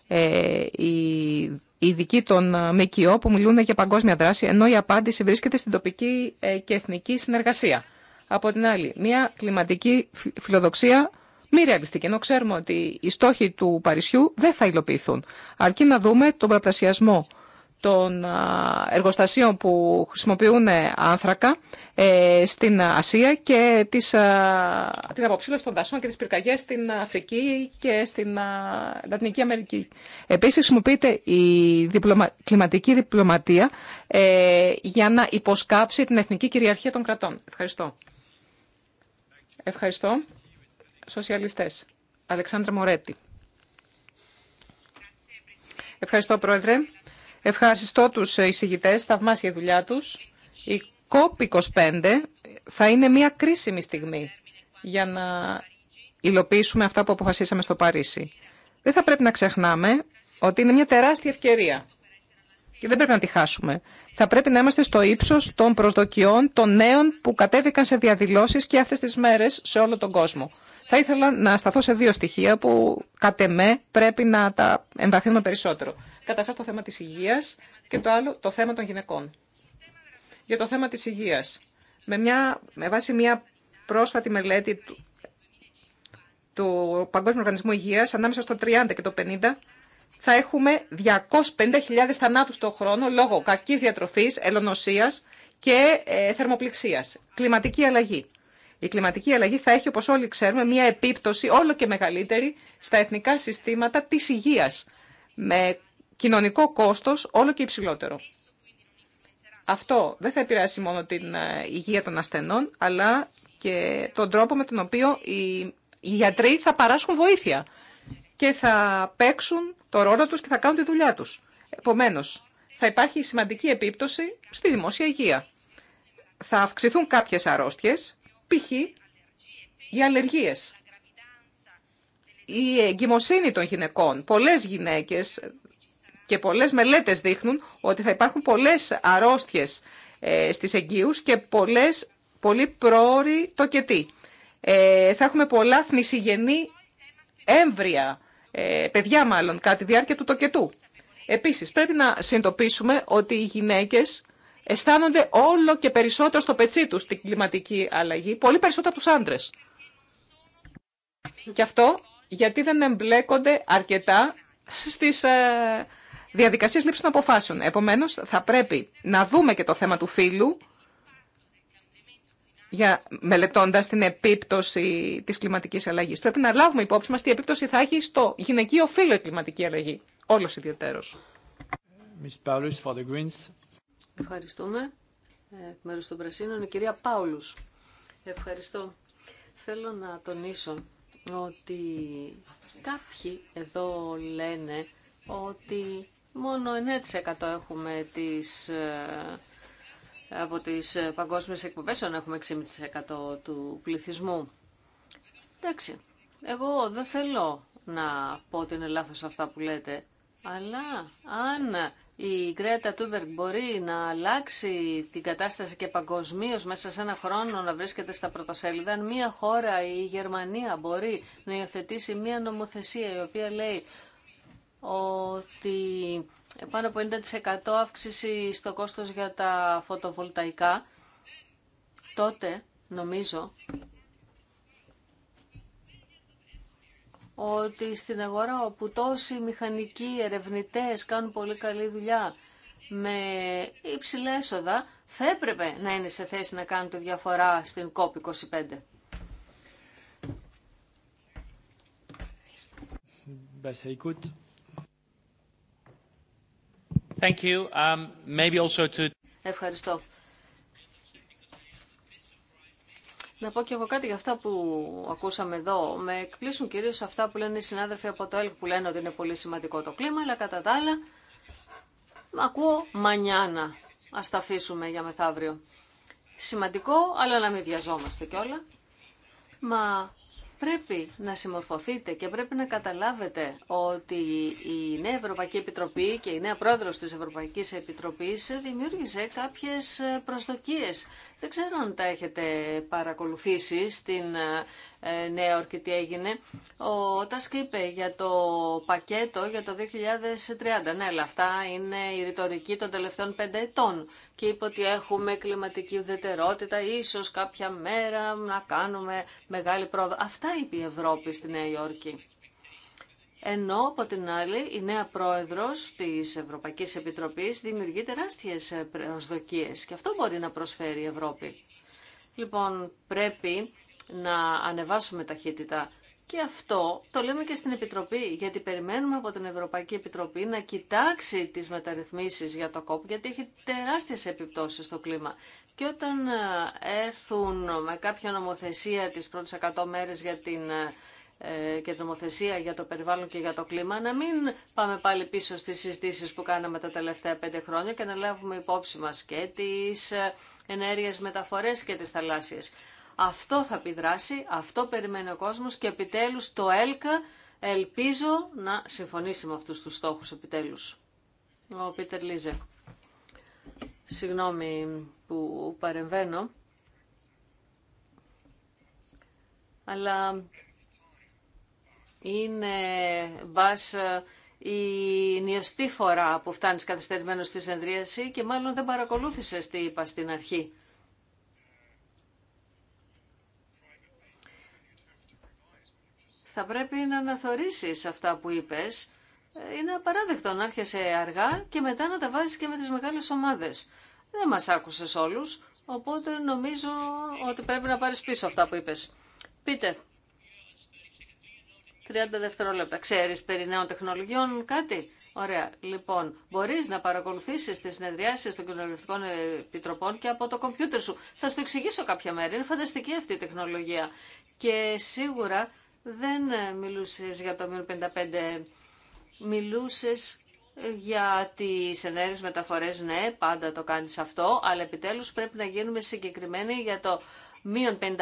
ε, οι ειδικοί των ε, ΜΚΟ που μιλούν για παγκόσμια δράση, ενώ η απάντηση βρίσκεται στην τοπική και εθνική συνεργασία από την άλλη μια κλιματική φιλοδοξία μη ρεαλιστική, ενώ ξέρουμε ότι οι στόχοι του Παρισιού δεν θα υλοποιηθούν. Αρκεί να δούμε τον πραπτασιασμό των εργοστασίων που χρησιμοποιούν άνθρακα ε, στην Ασία και τις, την αποψήλωση των δασών και τις πυρκαγιές στην Αφρική και στην Λατινική Αμερική. Επίσης χρησιμοποιείται η κλιματική διπλωματία ε, για να υποσκάψει την εθνική κυριαρχία των κρατών. Ευχαριστώ. Ευχαριστώ. Σοσιαλιστές. Αλεξάνδρα Μορέτη. Ευχαριστώ, Πρόεδρε. Ευχαριστώ τους εισηγητές. Θαυμάσια δουλειά τους. Η COP25 θα είναι μια κρίσιμη στιγμή για να υλοποιήσουμε αυτά που αποφασίσαμε στο Παρίσι. Δεν θα πρέπει να ξεχνάμε ότι είναι μια τεράστια ευκαιρία και δεν πρέπει να τη χάσουμε. Θα πρέπει να είμαστε στο ύψο των προσδοκιών των νέων που κατέβηκαν σε διαδηλώσει και αυτέ τι μέρε σε όλο τον κόσμο. Θα ήθελα να σταθώ σε δύο στοιχεία που κατ' εμέ πρέπει να τα εμβαθύνουμε περισσότερο. Καταρχά το θέμα τη υγεία και το άλλο το θέμα των γυναικών. Για το θέμα τη υγεία. Με, με βάση μια πρόσφατη μελέτη του, του Παγκόσμιου Οργανισμού Υγεία ανάμεσα στο 30 και το 50 θα έχουμε 250.000 θανάτους το χρόνο λόγω κακής διατροφής, ελονοσίας και ε, θερμοπληξίας. Κλιματική αλλαγή. Η κλιματική αλλαγή θα έχει, όπως όλοι ξέρουμε, μια επίπτωση όλο και μεγαλύτερη στα εθνικά συστήματα της υγείας, με κοινωνικό κόστος όλο και υψηλότερο. Αυτό δεν θα επηρεάσει μόνο την ε, υγεία των ασθενών, αλλά και τον τρόπο με τον οποίο οι γιατροί θα παράσχουν βοήθεια και θα παίξουν το ρόλο τους και θα κάνουν τη δουλειά τους. Επομένως, θα υπάρχει σημαντική επίπτωση στη δημόσια υγεία. Θα αυξηθούν κάποιες αρρώστιες, π.χ. οι αλλεργίες. Η εγκυμοσύνη των γυναικών. Πολλές γυναίκες και πολλές μελέτες δείχνουν ότι θα υπάρχουν πολλές αρρώστιες ε, στις εγκύους... και πολλές, πολύ πρόωροι τοκετοί. Ε, θα έχουμε πολλά θνησιγενή έμβρια ε, παιδιά μάλλον, κάτι τη διάρκεια του τοκετού. Επίσης, πρέπει να συνειδητοποιήσουμε ότι οι γυναίκες αισθάνονται όλο και περισσότερο στο πετσί τους την κλιματική αλλαγή, πολύ περισσότερο από τους άντρες. Και αυτό γιατί δεν εμπλέκονται αρκετά στις ε, διαδικασίες λήψης των αποφάσεων. Επομένως, θα πρέπει να δούμε και το θέμα του φύλου για, μελετώντας την επίπτωση της κλιματικής αλλαγής. Πρέπει να λάβουμε υπόψη μας τι επίπτωση θα έχει στο γυναικείο φύλλο η κλιματική αλλαγή. Όλος ιδιαίτερο. Ευχαριστούμε. Εκ μέρου των Πρασίνων, η κυρία Πάουλου. Ευχαριστώ. Θέλω να τονίσω ότι κάποιοι εδώ λένε ότι μόνο 9% έχουμε τις ε, από τις ε, παγκόσμιες εκπομπές, όταν έχουμε 6,5% του πληθυσμού. Εντάξει, εγώ δεν θέλω να πω ότι είναι λάθος αυτά που λέτε, αλλά αν η Γκρέτα Τούμπεργκ μπορεί να αλλάξει την κατάσταση και παγκοσμίω μέσα σε ένα χρόνο να βρίσκεται στα πρωτοσέλιδα. Αν μια χώρα, η Γερμανία, μπορεί να υιοθετήσει μια νομοθεσία η οποία λέει ότι πάνω από 90% αύξηση στο κόστος για τα φωτοβολταϊκά, τότε νομίζω ότι στην αγορά όπου τόσοι μηχανικοί ερευνητές κάνουν πολύ καλή δουλειά με υψηλά έσοδα, θα έπρεπε να είναι σε θέση να κάνουν τη διαφορά στην COP25. Bah, ça écoute. Thank you. Um, maybe also to... Ευχαριστώ. Να πω και εγώ κάτι για αυτά που ακούσαμε εδώ. Με εκπλήσουν κυρίω αυτά που λένε οι συνάδελφοι από το ΕΛΚ που λένε ότι είναι πολύ σημαντικό το κλίμα, αλλά κατά τα άλλα ακούω μανιάνα. Α τα αφήσουμε για μεθαύριο. Σημαντικό, αλλά να μην βιαζόμαστε κιόλα. Μα Πρέπει να συμμορφωθείτε και πρέπει να καταλάβετε ότι η Νέα Ευρωπαϊκή Επιτροπή και η νέα πρόεδρος της Ευρωπαϊκής Επιτροπής δημιούργησε κάποιες προσδοκίες. Δεν ξέρω αν τα έχετε παρακολουθήσει στην ε, Νέα Ορκή τι έγινε. Ο Τάσκ είπε για το πακέτο για το 2030. Ναι, αλλά αυτά είναι η ρητορική των τελευταίων πέντε ετών και είπε ότι έχουμε κλιματική ουδετερότητα, ίσως κάποια μέρα να κάνουμε μεγάλη πρόοδο. Αυτά είπε η Ευρώπη στη Νέα Υόρκη. Ενώ από την άλλη η νέα πρόεδρος της Ευρωπαϊκής Επιτροπής δημιουργεί τεράστιες προσδοκίες και αυτό μπορεί να προσφέρει η Ευρώπη. Λοιπόν, πρέπει να ανεβάσουμε ταχύτητα και αυτό το λέμε και στην Επιτροπή, γιατί περιμένουμε από την Ευρωπαϊκή Επιτροπή να κοιτάξει τις μεταρρυθμίσεις για το κόπο, γιατί έχει τεράστιες επιπτώσεις στο κλίμα. Και όταν ε, έρθουν με κάποια νομοθεσία τις πρώτες 100 μέρες για την ε, ε, και νομοθεσία για το περιβάλλον και για το κλίμα, να μην πάμε πάλι πίσω στις συζητήσεις που κάναμε τα τελευταία πέντε χρόνια και να λάβουμε υπόψη μας και τις ενέργειες μεταφορές και τις θαλάσσιες. Αυτό θα επιδράσει, αυτό περιμένει ο κόσμος και επιτέλους το ΕΛΚΑ ελπίζω να συμφωνήσει με αυτούς τους στόχους επιτέλους. Ο Πίτερ Λίζε. Συγγνώμη που παρεμβαίνω. Αλλά είναι μπας ε, η νιωστή φορά που φτάνεις καθυστερημένος στη συνδρίαση και μάλλον δεν παρακολούθησες τι είπα στην αρχή. θα πρέπει να αναθωρήσεις αυτά που είπες. Είναι απαράδεκτο να έρχεσαι αργά και μετά να τα βάζεις και με τις μεγάλες ομάδες. Δεν μας άκουσες όλους, οπότε νομίζω ότι πρέπει να πάρεις πίσω αυτά που είπες. Πείτε. 30 δευτερόλεπτα. Ξέρεις περί νέων τεχνολογιών κάτι. Ωραία. Λοιπόν, μπορεί να παρακολουθήσει τι συνεδριάσει των κοινωνιστικών επιτροπών και από το κομπιούτερ σου. Θα σου το εξηγήσω κάποια μέρα. Είναι φανταστική αυτή η τεχνολογία. Και σίγουρα δεν ε, μιλούσες για το μείον 55, μιλούσες ε, για τις ενέργειες μεταφορές, ναι, πάντα το κάνεις αυτό, αλλά επιτέλους πρέπει να γίνουμε συγκεκριμένοι για το μείον 55%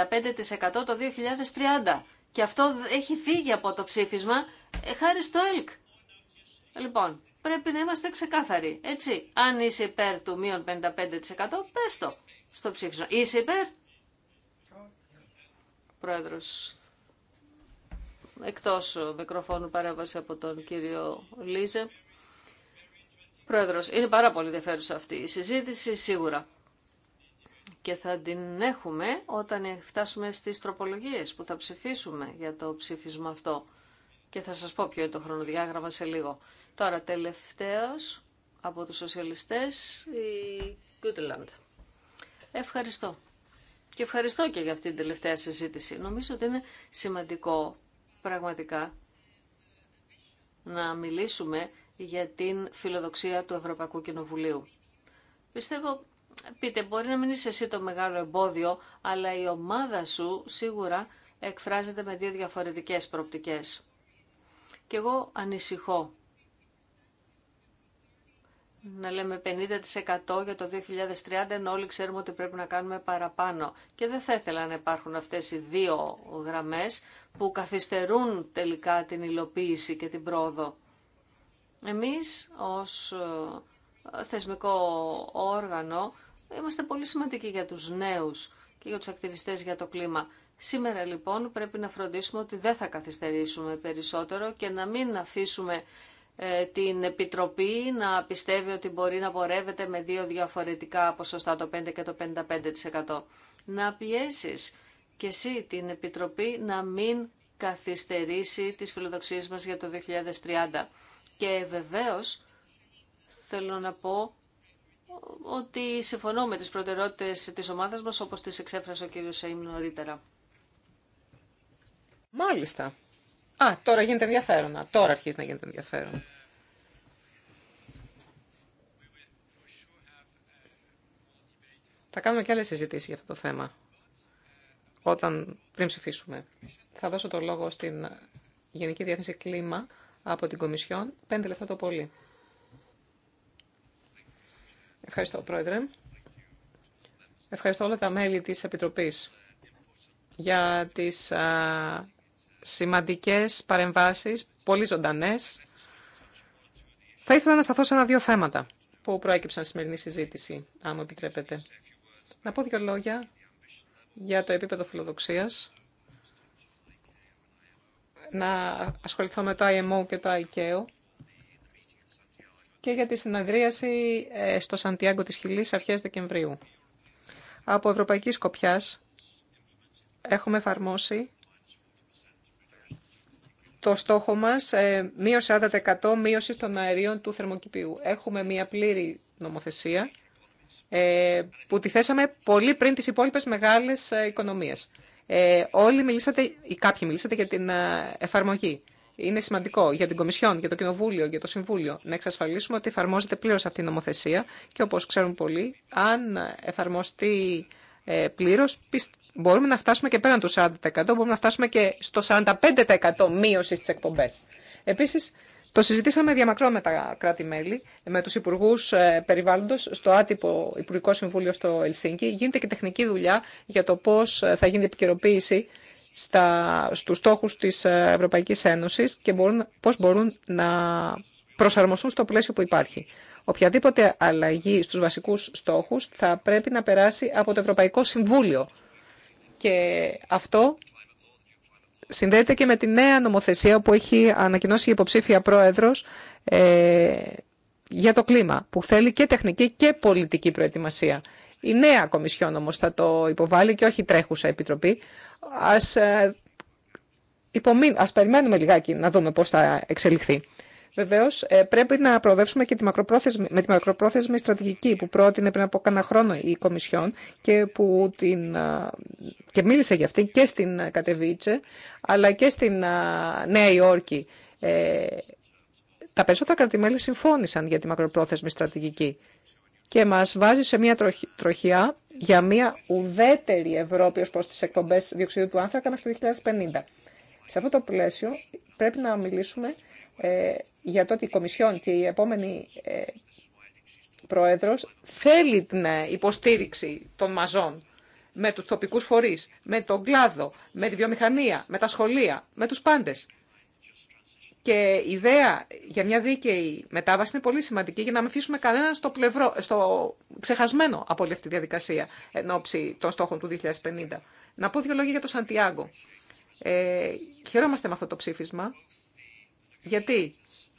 το 2030. Και αυτό έχει φύγει από το ψήφισμα ε, χάρη στο ΕΛΚ. Λοιπόν, πρέπει να είμαστε ξεκάθαροι, έτσι. Αν είσαι υπέρ του μείον 55% πες το στο ψήφισμα. Είσαι υπέρ. Πρόεδρος, εκτός μικροφώνου παρέμβαση από τον κύριο Λίζε. Πρόεδρος, είναι πάρα πολύ ενδιαφέρουσα αυτή η συζήτηση σίγουρα. Και θα την έχουμε όταν φτάσουμε στις τροπολογίες που θα ψηφίσουμε για το ψήφισμα αυτό. Και θα σας πω ποιο είναι το χρονοδιάγραμμα σε λίγο. Τώρα τελευταίος από τους σοσιαλιστές η Goodland. Ευχαριστώ. Και ευχαριστώ και για αυτή την τελευταία συζήτηση. Νομίζω ότι είναι σημαντικό πραγματικά να μιλήσουμε για την φιλοδοξία του Ευρωπαϊκού Κοινοβουλίου. Πιστεύω, πείτε, μπορεί να μην είσαι εσύ το μεγάλο εμπόδιο, αλλά η ομάδα σου σίγουρα εκφράζεται με δύο διαφορετικές προοπτικές. Και εγώ ανησυχώ να λέμε 50% για το 2030, ενώ όλοι ξέρουμε ότι πρέπει να κάνουμε παραπάνω. Και δεν θα ήθελα να υπάρχουν αυτές οι δύο γραμμές που καθυστερούν τελικά την υλοποίηση και την πρόοδο. Εμείς ως ε, θεσμικό όργανο είμαστε πολύ σημαντικοί για τους νέους και για τους ακτιβιστές για το κλίμα. Σήμερα λοιπόν πρέπει να φροντίσουμε ότι δεν θα καθυστερήσουμε περισσότερο και να μην αφήσουμε ε, την Επιτροπή να πιστεύει ότι μπορεί να πορεύεται με δύο διαφορετικά ποσοστά, το 5% και το 55%. Να πιέσεις και εσύ την Επιτροπή να μην καθυστερήσει τις φιλοδοξίες μας για το 2030. Και βεβαίως θέλω να πω ότι συμφωνώ με τις προτεραιότητες της ομάδας μας όπως τις εξέφρασε ο κ. Σέιμ νωρίτερα. Μάλιστα. Α, τώρα γίνεται ενδιαφέρον. Α, τώρα αρχίζει να γίνεται ενδιαφέρον. Θα κάνουμε και άλλες συζητήσεις για αυτό το θέμα. Όταν πριν ψηφίσουμε. Θα δώσω το λόγο στην Γενική Διεύθυνση Κλίμα από την Κομισιόν. Πέντε λεφτά το πολύ. Ευχαριστώ, Πρόεδρε. Ευχαριστώ όλα τα μέλη της Επιτροπής για τις σημαντικές παρεμβάσεις, πολύ ζωντανές. Θα ήθελα να σταθώ σε ένα-δύο θέματα που προέκυψαν στη σημερινή συζήτηση, αν μου επιτρέπετε. Να πω δύο λόγια για το επίπεδο φιλοδοξίας. Να ασχοληθώ με το IMO και το ICAO και για τη συναντρίαση ε, στο Σαντιάγκο της Χιλής αρχές Δεκεμβρίου. Από Ευρωπαϊκή Σκοπιάς έχουμε εφαρμόσει το στόχο μας ε, μείωση 40% μείωση των αερίων του θερμοκηπίου. Έχουμε μια πλήρη νομοθεσία ε, που τη θέσαμε πολύ πριν τις υπόλοιπες μεγάλες ε, οικονομίες. Ε, όλοι μιλήσατε, ή κάποιοι μιλήσατε για την ε, εφαρμογή. Είναι σημαντικό για την Κομισιόν, για το Κοινοβούλιο, για το Συμβούλιο να εξασφαλίσουμε ότι εφαρμόζεται πλήρω αυτή η νομοθεσία και όπω ξέρουν πολλοί, αν εφαρμοστεί ε, πλήρω, Μπορούμε να φτάσουμε και πέραν του 40%, μπορούμε να φτάσουμε και στο 45% μείωση στι εκπομπέ. Επίση, το συζητήσαμε διαμακρό με τα κράτη-μέλη, με του υπουργού ε, περιβάλλοντο, στο άτυπο Υπουργικό Συμβούλιο στο Ελσίνκι. Γίνεται και τεχνική δουλειά για το πώ ε, θα γίνει η επικαιροποίηση στα, στους στόχους της ε, Ευρωπαϊκής Ένωσης και μπορούν, πώς μπορούν να προσαρμοστούν στο πλαίσιο που υπάρχει. Οποιαδήποτε αλλαγή στους βασικούς στόχους θα πρέπει να περάσει από το Ευρωπαϊκό Συμβούλιο και αυτό συνδέεται και με τη νέα νομοθεσία που έχει ανακοινώσει η υποψήφια πρόεδρος ε, για το κλίμα, που θέλει και τεχνική και πολιτική προετοιμασία. Η νέα Κομισιόν όμως θα το υποβάλει και όχι η τρέχουσα Επιτροπή. Ας, ε, Ας περιμένουμε λιγάκι να δούμε πώς θα εξελιχθεί. Βεβαίω, ε, πρέπει να προοδεύσουμε και τη μακροπρόθεσμη, με τη μακροπρόθεσμη στρατηγική που πρότεινε πριν από κάνα χρόνο η Κομισιόν και που την, και μίλησε για αυτή και στην Κατεβίτσε, αλλά και στην Νέα Υόρκη. Ε, τα περισσότερα κρατημέλη συμφώνησαν για τη μακροπρόθεσμη στρατηγική και μας βάζει σε μια τροχιά για μια ουδέτερη Ευρώπη ως προς τις εκπομπές διοξιδίου του άνθρακα μέχρι το 2050. Σε αυτό το πλαίσιο πρέπει να μιλήσουμε ε, για το ότι η Κομισιόν και η επόμενη ε, Πρόεδρος θέλει την υποστήριξη των μαζών με τους τοπικούς φορείς, με τον κλάδο, με τη βιομηχανία, με τα σχολεία, με τους πάντες. Και η ιδέα για μια δίκαιη μετάβαση είναι πολύ σημαντική για να μην αφήσουμε κανέναν στο, πλευρό, στο ξεχασμένο από όλη αυτή τη διαδικασία εν ώψη των στόχων του 2050. Να πω δύο λόγια για το Σαντιάγκο. Ε, χαιρόμαστε με αυτό το ψήφισμα, γιατί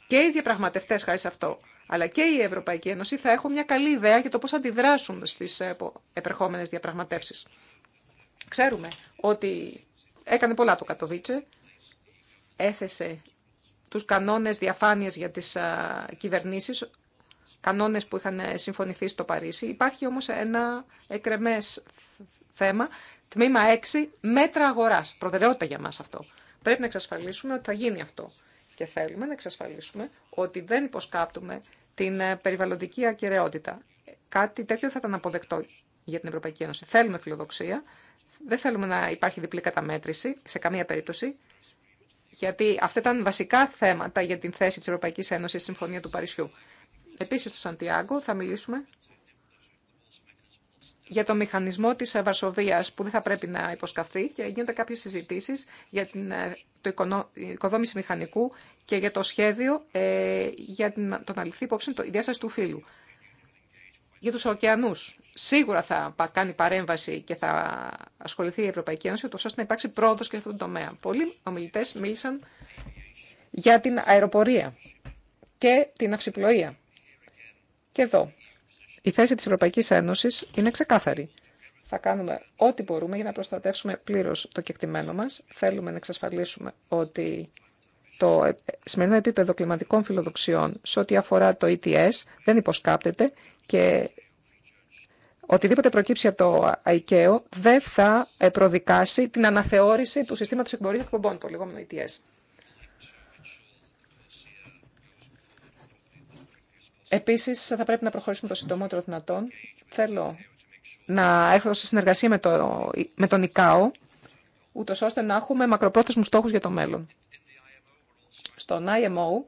και οι διαπραγματευτές χάρη σε αυτό, αλλά και η Ευρωπαϊκή Ένωση θα έχουν μια καλή ιδέα για το πώς αντιδράσουν στις ε, επερχόμενες διαπραγματεύσεις. Ξέρουμε ότι έκανε πολλά το Κατοβίτσε, έθεσε τους κανόνες διαφάνειας για τις ε, κυβερνήσεις, κανόνες που είχαν ε, συμφωνηθεί στο Παρίσι. Υπάρχει όμως ένα εκρεμές θέμα, τμήμα 6, μέτρα αγοράς. Προτεραιότητα για μας αυτό. Πρέπει να εξασφαλίσουμε ότι θα γίνει αυτό και θέλουμε να εξασφαλίσουμε ότι δεν υποσκάπτουμε την ε, περιβαλλοντική ακαιρεότητα. Κάτι τέτοιο θα ήταν αποδεκτό για την Ευρωπαϊκή Ένωση. Θέλουμε φιλοδοξία, δεν θέλουμε να υπάρχει διπλή καταμέτρηση σε καμία περίπτωση, γιατί αυτά ήταν βασικά θέματα για την θέση της Ευρωπαϊκής Ένωσης στη Συμφωνία του Παρισιού. Επίσης, στο Σαντιάγκο θα μιλήσουμε για το μηχανισμό της Βαρσοβίας που δεν θα πρέπει να υποσκαφθεί και γίνονται κάποιες συζητήσεις για την ε, το οικοδόμηση μηχανικού και για το σχέδιο ε, για τον αληθή υπόψη η διάσταση του φύλου. Για τους ωκεανούς, σίγουρα θα κάνει παρέμβαση και θα ασχοληθεί η Ευρωπαϊκή Ένωση, ώστε να υπάρξει πρόοδος και σε αυτόν τον τομέα. Πολλοί ομιλητές μίλησαν για την αεροπορία και την αυσιπλοεία. Και εδώ, η θέση της Ευρωπαϊκής Ένωσης είναι ξεκάθαρη. Θα κάνουμε ό,τι μπορούμε για να προστατεύσουμε πλήρως το κεκτημένο μας. Θέλουμε να εξασφαλίσουμε ότι το σημερινό επίπεδο κλιματικών φιλοδοξιών σε ό,τι αφορά το ETS δεν υποσκάπτεται και οτιδήποτε προκύψει από το ICAO δεν θα προδικάσει την αναθεώρηση του συστήματος εκπομπή εκπομπών, το λεγόμενο ETS. Επίσης, θα πρέπει να προχωρήσουμε το συντομότερο δυνατόν. Θέλω να έρθω σε συνεργασία με, το, με τον ΙΚΑΟ, ούτω ώστε να έχουμε μακροπρόθεσμους στόχους για το μέλλον. Στον IMO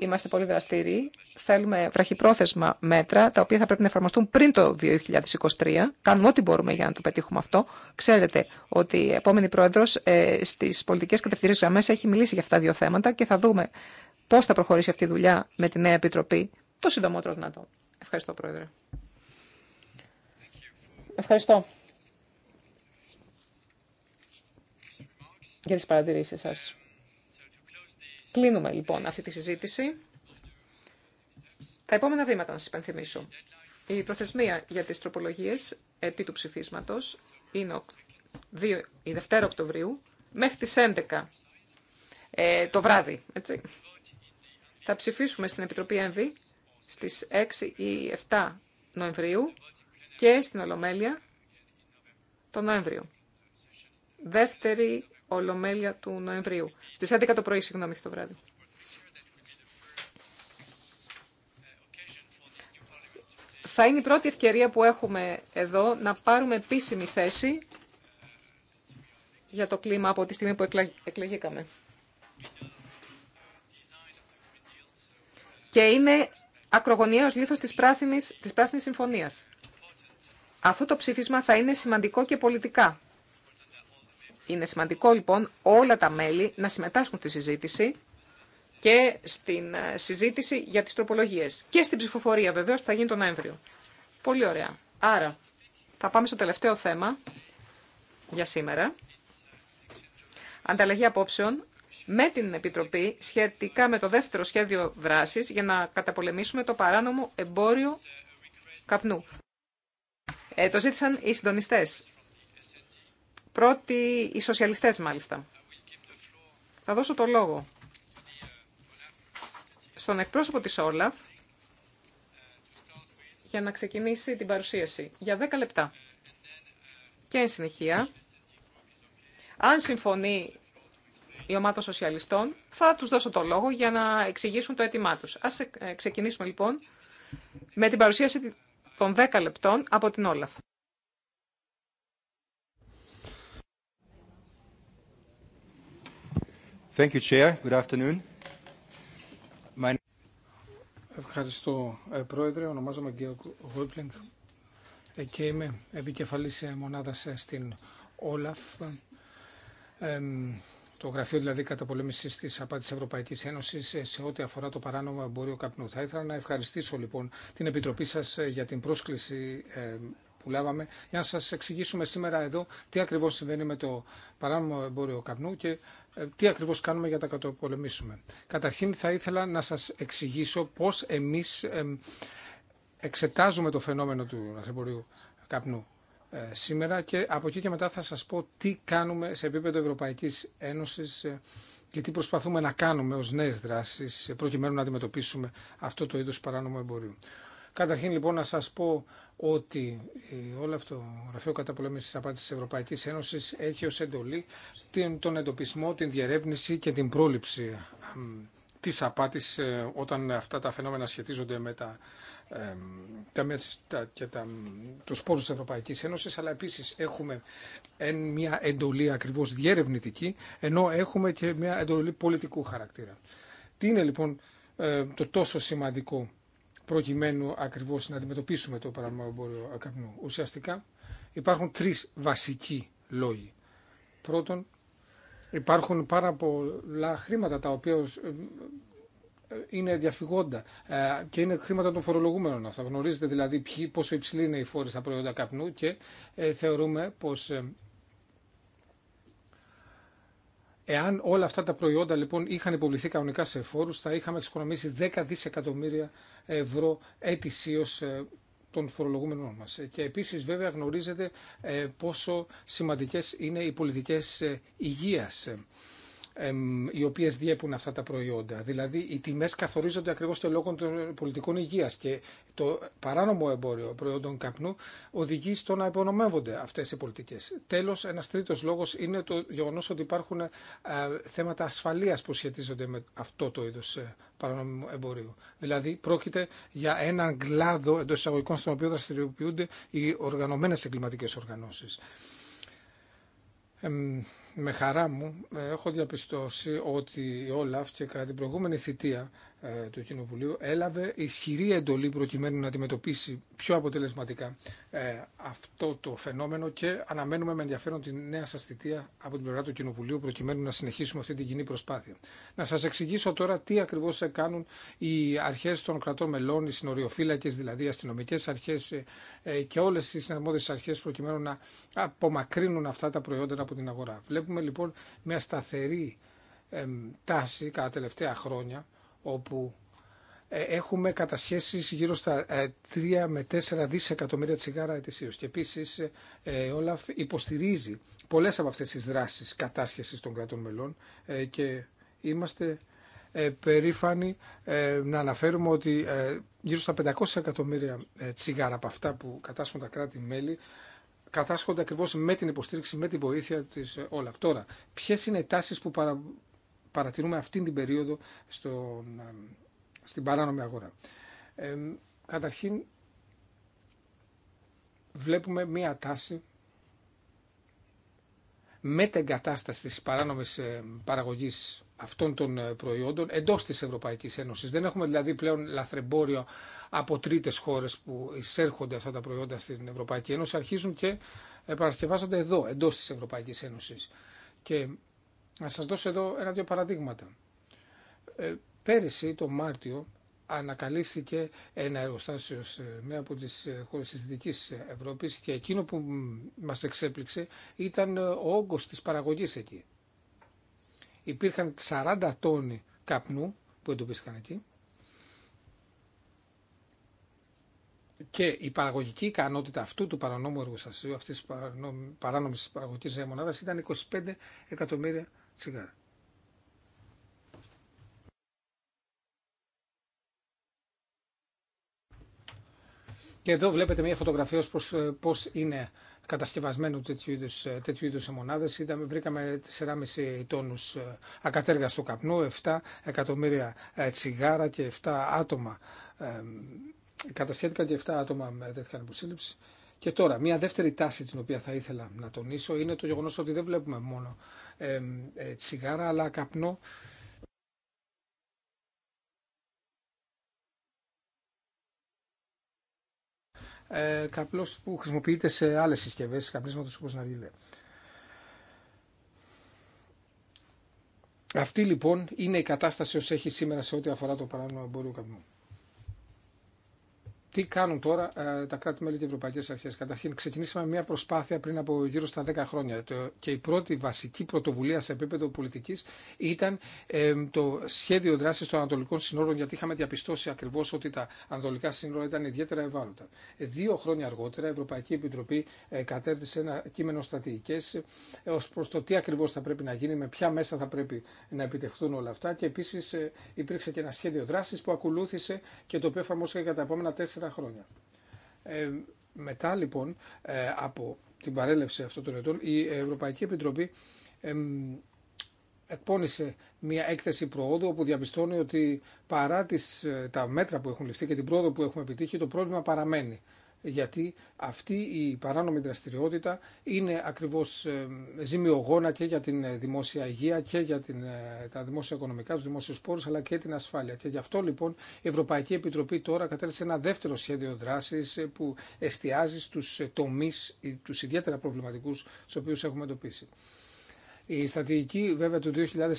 είμαστε πολύ δραστήριοι. Θέλουμε βραχυπρόθεσμα μέτρα, τα οποία θα πρέπει να εφαρμοστούν πριν το 2023. Κάνουμε ό,τι μπορούμε για να το πετύχουμε αυτό. Ξέρετε ότι η επόμενη πρόεδρος ε, στις πολιτικές κατευθυντήρες γραμμές έχει μιλήσει για αυτά τα δύο θέματα και θα δούμε πώς θα προχωρήσει αυτή η δουλειά με τη νέα επιτροπή το συντομότερο δυνατό. Ευχαριστώ, Πρόεδρε. Ευχαριστώ για τις παρατηρήσεις σας. Κλείνουμε λοιπόν αυτή τη συζήτηση. Τα επόμενα βήματα να σας υπενθυμίσω. Η προθεσμία για τις τροπολογίες επί του ψηφίσματος είναι 2, η Δευτέρα Οκτωβρίου μέχρι τις 11 ε, το βράδυ. Έτσι. Θα ψηφίσουμε στην Επιτροπή ΕΜΒ στις 6 ή 7 Νοεμβρίου και στην Ολομέλεια τον Νοέμβριο. Δεύτερη Ολομέλεια του Νοεμβρίου. Στις 11 το πρωί, συγγνώμη, το βράδυ. Θα είναι η πρώτη ευκαιρία που έχουμε εδώ να πάρουμε επίσημη θέση για το κλίμα από τη στιγμή που εκλεγήκαμε. Και είναι ακρογωνιαίος λίθος της πράσινης, της πράσινης συμφωνίας. Αυτό το ψήφισμα θα είναι σημαντικό και πολιτικά. Είναι σημαντικό λοιπόν όλα τα μέλη να συμμετάσχουν στη συζήτηση και στην ε, συζήτηση για τις τροπολογίες. Και στην ψηφοφορία βεβαίως που θα γίνει τον Νοέμβριο. Πολύ ωραία. Άρα θα πάμε στο τελευταίο θέμα για σήμερα. Ανταλλαγή απόψεων με την Επιτροπή σχετικά με το δεύτερο σχέδιο δράσης για να καταπολεμήσουμε το παράνομο εμπόριο καπνού. Ε, το ζήτησαν οι συντονιστέ. Πρώτοι οι σοσιαλιστές μάλιστα. Θα δώσω το λόγο στον εκπρόσωπο της Όλαφ για να ξεκινήσει την παρουσίαση για 10 λεπτά. Και εν συνεχεία, αν συμφωνεί η ομάδα των σοσιαλιστών, θα τους δώσω το λόγο για να εξηγήσουν το αίτημά τους. Ας ξεκινήσουμε λοιπόν με την παρουσίαση των 10 λεπτών από την Όλαφ. Thank you, Chair. Good afternoon. My... Ευχαριστώ, ε, Πρόεδρε. Ονομάζομαι Γκέο Γουίπλινγκ ε, και είμαι επικεφαλής ε, μονάδας στην Όλαφ το Γραφείο δηλαδή Καταπολέμηση τη τη Ευρωπαϊκή Ένωση ε, σε ό,τι αφορά το παράνομο εμπόριο καπνού. Θα ήθελα να ευχαριστήσω λοιπόν την Επιτροπή σα ε, για την πρόσκληση ε, που λάβαμε για να σα εξηγήσουμε σήμερα εδώ τι ακριβώ συμβαίνει με το παράνομο εμπόριο καπνού και τι ακριβώ κάνουμε για να τα πολεμήσουμε. Καταρχήν θα ήθελα να σα εξηγήσω πώ εμεί εξετάζουμε το φαινόμενο του εμπορίου καπνού. Ε, σήμερα και από εκεί και μετά θα σας πω τι κάνουμε σε επίπεδο Ευρωπαϊκής Ένωσης ε, και τι προσπαθούμε να κάνουμε ως νέες δράσεις ε, προκειμένου να αντιμετωπίσουμε αυτό το είδος παράνομου εμπορίου. Καταρχήν λοιπόν να σας πω ότι όλο αυτό το Γραφείο Καταπολέμησης της Απάτης της Ευρωπαϊκής Ένωσης έχει ως εντολή τον εντοπισμό, την διερεύνηση και την πρόληψη της απάτης όταν αυτά τα φαινόμενα σχετίζονται με τα τα, και τα, τους πόρους της Ευρωπαϊκής Ένωσης, αλλά επίσης έχουμε εν, μια εντολή ακριβώς διερευνητική, ενώ έχουμε και μια εντολή πολιτικού χαρακτήρα. Τι είναι λοιπόν ε, το τόσο σημαντικό προκειμένου ακριβώς να αντιμετωπίσουμε το παραγωγικό εμπόριο καπνού. Ουσιαστικά υπάρχουν τρεις βασικοί λόγοι. Πρώτον, υπάρχουν πάρα πολλά χρήματα τα οποία ε, είναι διαφυγόντα ε, και είναι χρήματα των φορολογούμενων αυτά. Γνωρίζετε δηλαδή πόσο υψηλή είναι η φόρη στα προϊόντα καπνού και ε, θεωρούμε πως ε, Εάν όλα αυτά τα προϊόντα λοιπόν είχαν υποβληθεί κανονικά σε φόρους, θα είχαμε εξοικονομήσει 10 δισεκατομμύρια ευρώ ετησίως των φορολογούμενων μας. Και επίσης βέβαια γνωρίζετε πόσο σημαντικές είναι οι πολιτικές υγείας οι οποίε διέπουν αυτά τα προϊόντα. Δηλαδή, οι τιμέ καθορίζονται ακριβώ στο λόγο των πολιτικών υγεία και το παράνομο εμπόριο προϊόντων καπνού οδηγεί στο να υπονομεύονται αυτέ οι πολιτικέ. Τέλο, ένα τρίτο λόγο είναι το γεγονό ότι υπάρχουν ε, θέματα ασφαλεία που σχετίζονται με αυτό το είδο ε, παρανομού εμπορίου. Δηλαδή, πρόκειται για έναν κλάδο εντό εισαγωγικών στον οποίο δραστηριοποιούνται οι οργανωμένε εγκληματικέ οργανώσει με χαρά μου ε, έχω διαπιστώσει ότι η Όλαφ και κατά την προηγούμενη θητεία ε, το Κοινοβουλίου έλαβε ισχυρή εντολή προκειμένου να αντιμετωπίσει πιο αποτελεσματικά ε, αυτό το φαινόμενο και αναμένουμε με ενδιαφέρον την νέα σας θητεία από την πλευρά του Κοινοβουλίου προκειμένου να συνεχίσουμε αυτή την κοινή προσπάθεια. Να σας εξηγήσω τώρα τι ακριβώς κάνουν οι αρχές των κρατών μελών, οι συνοριοφύλακες, δηλαδή οι αστυνομικές αρχές ε, και όλες οι συναρμόδιες αρχές προκειμένου να απομακρύνουν αυτά τα προϊόντα από την αγορά. Βλέπουμε λοιπόν μια σταθερή τάση κατά τελευταία χρόνια όπου ε, έχουμε κατασχέσεις γύρω στα 3 ε, με 4 δισεκατομμύρια τσιγάρα ετησίω. Και επίσης ε, όλα υποστηρίζει πολλές από αυτέ τι δράσει κατάσχεση των κρατών μελών και είμαστε περήφανοι να αναφέρουμε ότι γύρω στα 500 εκατομμύρια τσιγάρα από αυτά που κατάσχουν τα κράτη-μέλη κατάσχονται ακριβώς με την υποστήριξη, με τη βοήθεια της όλα. Τώρα, ποιες είναι οι τάσεις που παρα, παρατηρούμε αυτή την περίοδο στο, ε, στην παράνομη αγορά. Ε, καταρχήν βλέπουμε μία τάση κατάσταση της παράνομης ε, παραγωγής αυτών των ε, προϊόντων εντός της Ευρωπαϊκής Ένωσης. Δεν έχουμε δηλαδή πλέον λαθρεμπόριο από τρίτες χώρες που εισέρχονται αυτά τα προϊόντα στην Ευρωπαϊκή Ένωση, αρχίζουν και παρασκευάζονται εδώ, εντός της Ευρωπαϊκής Ένωσης. Και να σας δώσω εδώ ένα-δύο παραδείγματα. Ε, πέρυσι, το Μάρτιο, ανακαλύφθηκε ένα εργοστάσιο σε μία από τις χώρες της Δυτικής Ευρώπης και εκείνο που μας εξέπληξε ήταν ο όγκος της παραγωγής εκεί. Υπήρχαν 40 τόνοι καπνού που εντοπίστηκαν εκεί και η παραγωγική ικανότητα αυτού του παρανόμου εργοστασίου, αυτής της παράνομης παραγωγικής μονάδας ήταν 25 εκατομμύρια και εδώ βλέπετε μια φωτογραφία ως προς ε, πώς είναι κατασκευασμένο τέτοιου είδους, ε, τέτοιου είδους μονάδες. Είδαμε, βρήκαμε 4,5 τόνους ε, ακατέργαστο καπνού, 7 εκατομμύρια τσιγάρα και 7 άτομα ε, κατασχέθηκαν και 7 άτομα με τέτοια υποσύλληψη. Και τώρα, μια δεύτερη τάση την οποία θα ήθελα να τονίσω είναι το γεγονός ότι δεν βλέπουμε μόνο ε, ε, τσιγάρα αλλά καπνό. Ε, που χρησιμοποιείται σε άλλες συσκευές καπνίσματος όπως λέει. Αυτή λοιπόν είναι η κατάσταση ως έχει σήμερα σε ό,τι αφορά το παράνομο εμπόριο καπνού. Τι κάνουν τώρα ε, τα κράτη-μέλη και οι Ευρωπαϊκέ Αρχέ. Καταρχήν, ξεκινήσαμε μια προσπάθεια πριν από γύρω στα 10 χρόνια και η πρώτη βασική πρωτοβουλία σε επίπεδο πολιτική ήταν ε, το σχέδιο δράση των Ανατολικών Συνόρων, γιατί είχαμε διαπιστώσει ακριβώ ότι τα Ανατολικά Σύνορα ήταν ιδιαίτερα ευάλωτα. Δύο χρόνια αργότερα, η Ευρωπαϊκή Επιτροπή ε, κατέρτισε ένα κείμενο στρατηγικέ ω προ το τι ακριβώ θα πρέπει να γίνει, με ποια μέσα θα πρέπει να επιτευχθούν όλα αυτά και επίση υπήρξε και ένα σχέδιο δράση που ακολούθησε και το οποίο εφαρμόστηκε για τα επόμενα τέσσερα χρόνια. Ε, μετά λοιπόν ε, από την παρέλευση αυτών των ετών η Ευρωπαϊκή Επιτροπή εκπώνησε μια έκθεση προόδου όπου διαπιστώνει ότι παρά τις, ε, τα μέτρα που έχουν ληφθεί και την πρόοδο που έχουμε επιτύχει το πρόβλημα παραμένει γιατί αυτή η παράνομη δραστηριότητα είναι ακριβώς ε, ζημιογόνα και για την ε, δημόσια υγεία και για την, ε, τα δημόσια οικονομικά, τους δημόσιους πόρους αλλά και την ασφάλεια. Και γι' αυτό λοιπόν η Ευρωπαϊκή Επιτροπή τώρα κατέληξε ένα δεύτερο σχέδιο δράσης που εστιάζει στους τομείς, τους ιδιαίτερα προβληματικούς στους οποίους έχουμε εντοπίσει. Η στρατηγική βέβαια του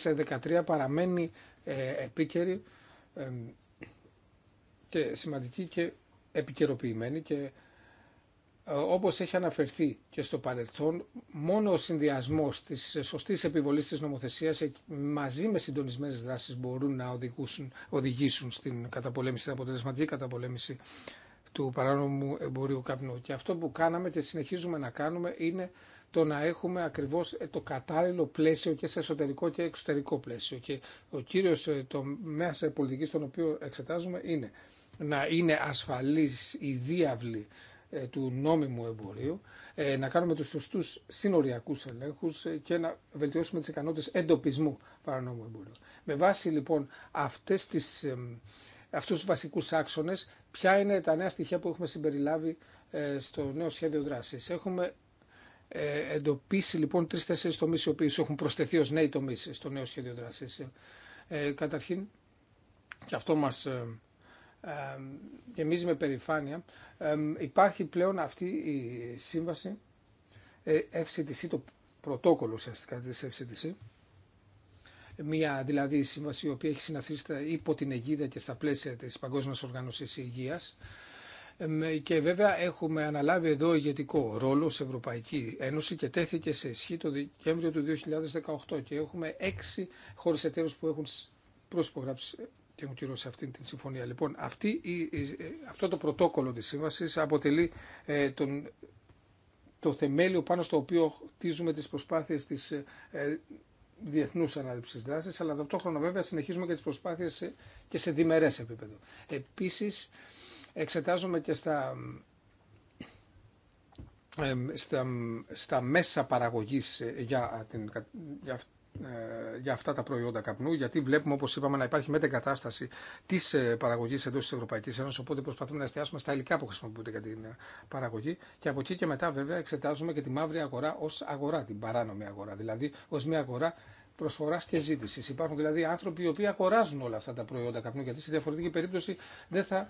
2013 παραμένει επίκαιρη και σημαντική και επικαιροποιημένη και ε, όπως έχει αναφερθεί και στο παρελθόν, μόνο ο συνδυασμός της ε, σωστής επιβολής της νομοθεσίας μαζί με συντονισμένες δράσεις μπορούν να οδηγήσουν, οδηγήσουν στην καταπολέμηση, στην αποτελεσματική καταπολέμηση του παράνομου εμπορίου καπνού. Και αυτό που κάναμε και συνεχίζουμε να κάνουμε είναι το να έχουμε ακριβώς ε, το κατάλληλο πλαίσιο και σε εσωτερικό και εξωτερικό πλαίσιο. Και ο κύριος τομέας πολιτικής τον οποίο εξετάζουμε είναι να είναι ασφαλής η διάβλη ε, του νόμιμου εμπορίου, ε, να κάνουμε τους σωστούς συνοριακούς ελέγχους ε, και να βελτιώσουμε τις ικανότητες εντοπισμού παρανόμου εμπορίου. Με βάση λοιπόν αυτές τις, αυτούς τους βασικούς άξονες, ποια είναι τα νέα στοιχεία που έχουμε συμπεριλάβει στο νέο σχέδιο δράσης. Έχουμε εντοπίσει λοιπόν τρει-τέσσερι τομεί οι οποίε έχουν προσθεθεί ω νέοι τομεί στο νέο σχέδιο δράση. Ε, καταρχήν, και αυτό μας γεμίζει με περηφάνεια, υπάρχει πλέον αυτή η σύμβαση ε, FCTC, το πρωτόκολλο ουσιαστικά της FCTC, μια δηλαδή σύμβαση η οποία έχει συναθρίσει υπό την αιγίδα και στα πλαίσια της Παγκόσμιας Οργάνωσης Υγείας και βέβαια έχουμε αναλάβει εδώ ηγετικό ρόλο σε Ευρωπαϊκή Ένωση και τέθηκε σε ισχύ το Δεκέμβριο του 2018 και έχουμε έξι χώρες εταίρους που έχουν προσπογράψει και έχουν κυρώσει αυτή την συμφωνία. Λοιπόν, αυτή, ε, αυτό το πρωτόκολλο της σύμβασης αποτελεί ε, τον, το θεμέλιο πάνω στο οποίο χτίζουμε τις προσπάθειες της ε, διεθνούς ανάληψης δράσης, αλλά ταυτόχρονα βέβαια συνεχίζουμε και τις προσπάθειες και σε διμερές επίπεδο. Επίσης, εξετάζουμε και στα στα, στα μέσα παραγωγής ε, για, την, για ε, για αυτά τα προϊόντα καπνού, γιατί βλέπουμε, όπω είπαμε, να υπάρχει μετεγκατάσταση τη ε, παραγωγή εντό τη Ευρωπαϊκή Ένωση. Οπότε προσπαθούμε να εστιάσουμε στα υλικά που χρησιμοποιούνται για την ε, παραγωγή. Και από εκεί και μετά, βέβαια, εξετάζουμε και τη μαύρη αγορά ω αγορά, την παράνομη αγορά. Δηλαδή, ω μια αγορά προσφορά και ζήτηση. Υπάρχουν δηλαδή άνθρωποι οι οποίοι αγοράζουν όλα αυτά τα προϊόντα καπνού, γιατί σε διαφορετική περίπτωση δεν θα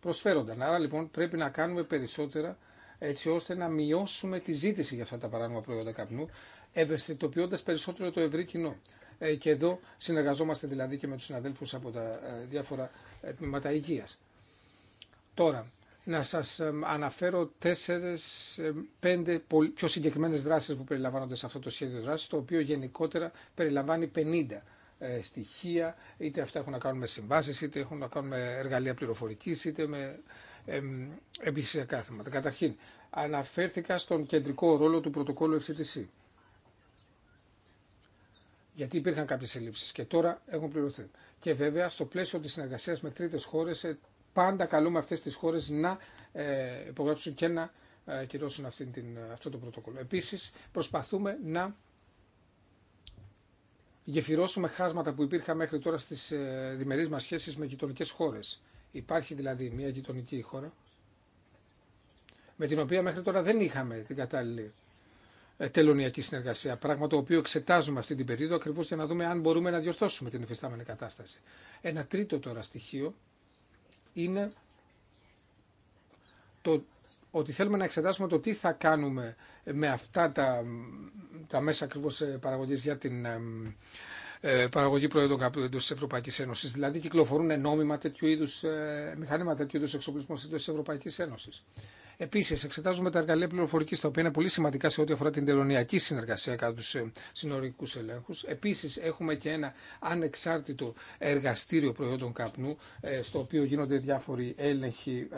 προσφέρονταν. Άρα λοιπόν πρέπει να κάνουμε περισσότερα έτσι ώστε να μειώσουμε τη ζήτηση για αυτά τα παράνομα προϊόντα καπνού ευαισθητοποιώντα περισσότερο το ευρύ κοινό. Ε, και εδώ συνεργαζόμαστε δηλαδή και με του συναδέλφου από τα ε, διάφορα τμήματα υγεία. Τώρα, να σας ε, αναφέρω τέσσερι, πέντε πιο συγκεκριμένε δράσει που περιλαμβάνονται σε αυτό το σχέδιο δράση, το οποίο γενικότερα περιλαμβάνει 50 στοιχεία, είτε αυτά έχουν να κάνουν με συμβάσει, είτε έχουν να κάνουν με εργαλεία πληροφορική, είτε με επιχειρησιακά θέματα. Καταρχήν, αναφέρθηκα στον κεντρικό ρόλο του πρωτοκόλλου FCTC γιατί υπήρχαν κάποιες ελλείψεις και τώρα έχουν πληρωθεί. Και βέβαια στο πλαίσιο της συνεργασίας με τρίτες χώρες ε, πάντα καλούμε αυτές τις χώρες να ε, υπογράψουν και να ε, κυρώσουν την, αυτό το πρωτόκολλο. Επίσης προσπαθούμε να γεφυρώσουμε χάσματα που υπήρχαν μέχρι τώρα στις διμερείς μας σχέσεις με γειτονικέ χώρες. Υπάρχει δηλαδή μια γειτονική χώρα με την οποία μέχρι τώρα δεν είχαμε την κατάλληλη ε, τελωνιακή συνεργασία. Πράγμα το οποίο εξετάζουμε αυτή την περίοδο ακριβώ για να δούμε αν μπορούμε να διορθώσουμε την υφιστάμενη κατάσταση. Ένα τρίτο τώρα στοιχείο είναι το ότι θέλουμε να εξετάσουμε το τι θα κάνουμε με αυτά τα, τα μέσα ακριβώ ε, παραγωγή για την ε, παραγωγή προϊόντων εντό τη Ευρωπαϊκή Ένωση. Δηλαδή, κυκλοφορούν νόμιμα τέτοιου είδου μηχανήματα, τέτοιου είδου εξοπλισμού εντό τη Ευρωπαϊκή Ένωση. Επίση, εξετάζουμε τα εργαλεία πληροφορική, τα οποία είναι πολύ σημαντικά σε ό,τι αφορά την τελωνιακή συνεργασία κατά του ε, συνορικού ελέγχου. Επίση, έχουμε και ένα ανεξάρτητο εργαστήριο προϊόντων καπνού, ε, στο οποίο γίνονται διάφοροι έλεγχοι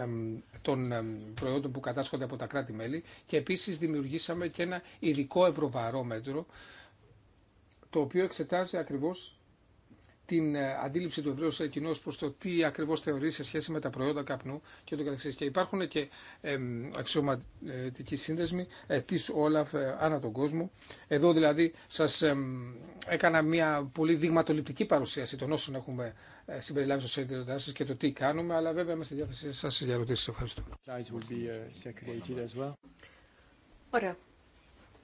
των προϊόντων που κατάσχονται από τα κράτη-μέλη. Και επίση, δημιουργήσαμε και ένα ειδικό ευρωβαρόμετρο, το οποίο εξετάζει ακριβώ την ε, αντίληψη του ευρέω κοινού προ το τι ακριβώ θεωρεί σε σχέση με τα προϊόντα καπνού και το καθεξή. Και υπάρχουν και αξιωματικοί σύνδεσμοι ε, τη Όλαφ ε, ανά τον κόσμο. Εδώ δηλαδή σα έκανα μια πολύ δειγματοληπτική παρουσίαση των όσων έχουμε συμπεριλάβει στο σύνδεσμο σα και το τι κάνουμε, αλλά βέβαια είμαι στη διάθεσή σα για ερωτήσει. Ευχαριστώ. Ωραία.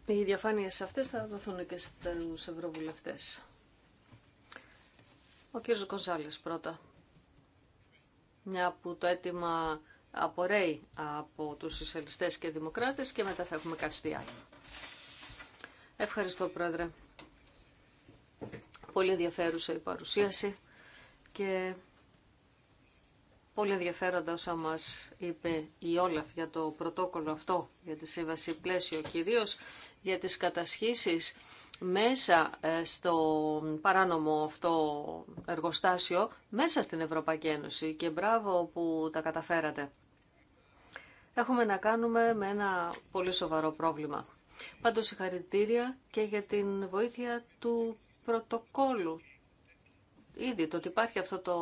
Οι διαφάνειες αυτές θα δοθούν και στους ευρωβουλευτές. Ο κύριος Γκονζάλης πρώτα. Μια που το αίτημα απορρέει από τους σοσιαλιστές και δημοκράτες και μετά θα έχουμε καρστιά. Ευχαριστώ πρόεδρε. Πολύ ενδιαφέρουσα η παρουσίαση και πολύ ενδιαφέροντα όσα μας είπε η Όλαφ για το πρωτόκολλο αυτό, για τη σύμβαση πλαίσιο κυρίως, για τις κατασχήσεις μέσα ε, στο παράνομο αυτό εργοστάσιο, μέσα στην Ευρωπαϊκή Ένωση και μπράβο που τα καταφέρατε. Έχουμε να κάνουμε με ένα πολύ σοβαρό πρόβλημα. Πάντως συγχαρητήρια και για την βοήθεια του πρωτοκόλου. Ήδη το ότι υπάρχει αυτό το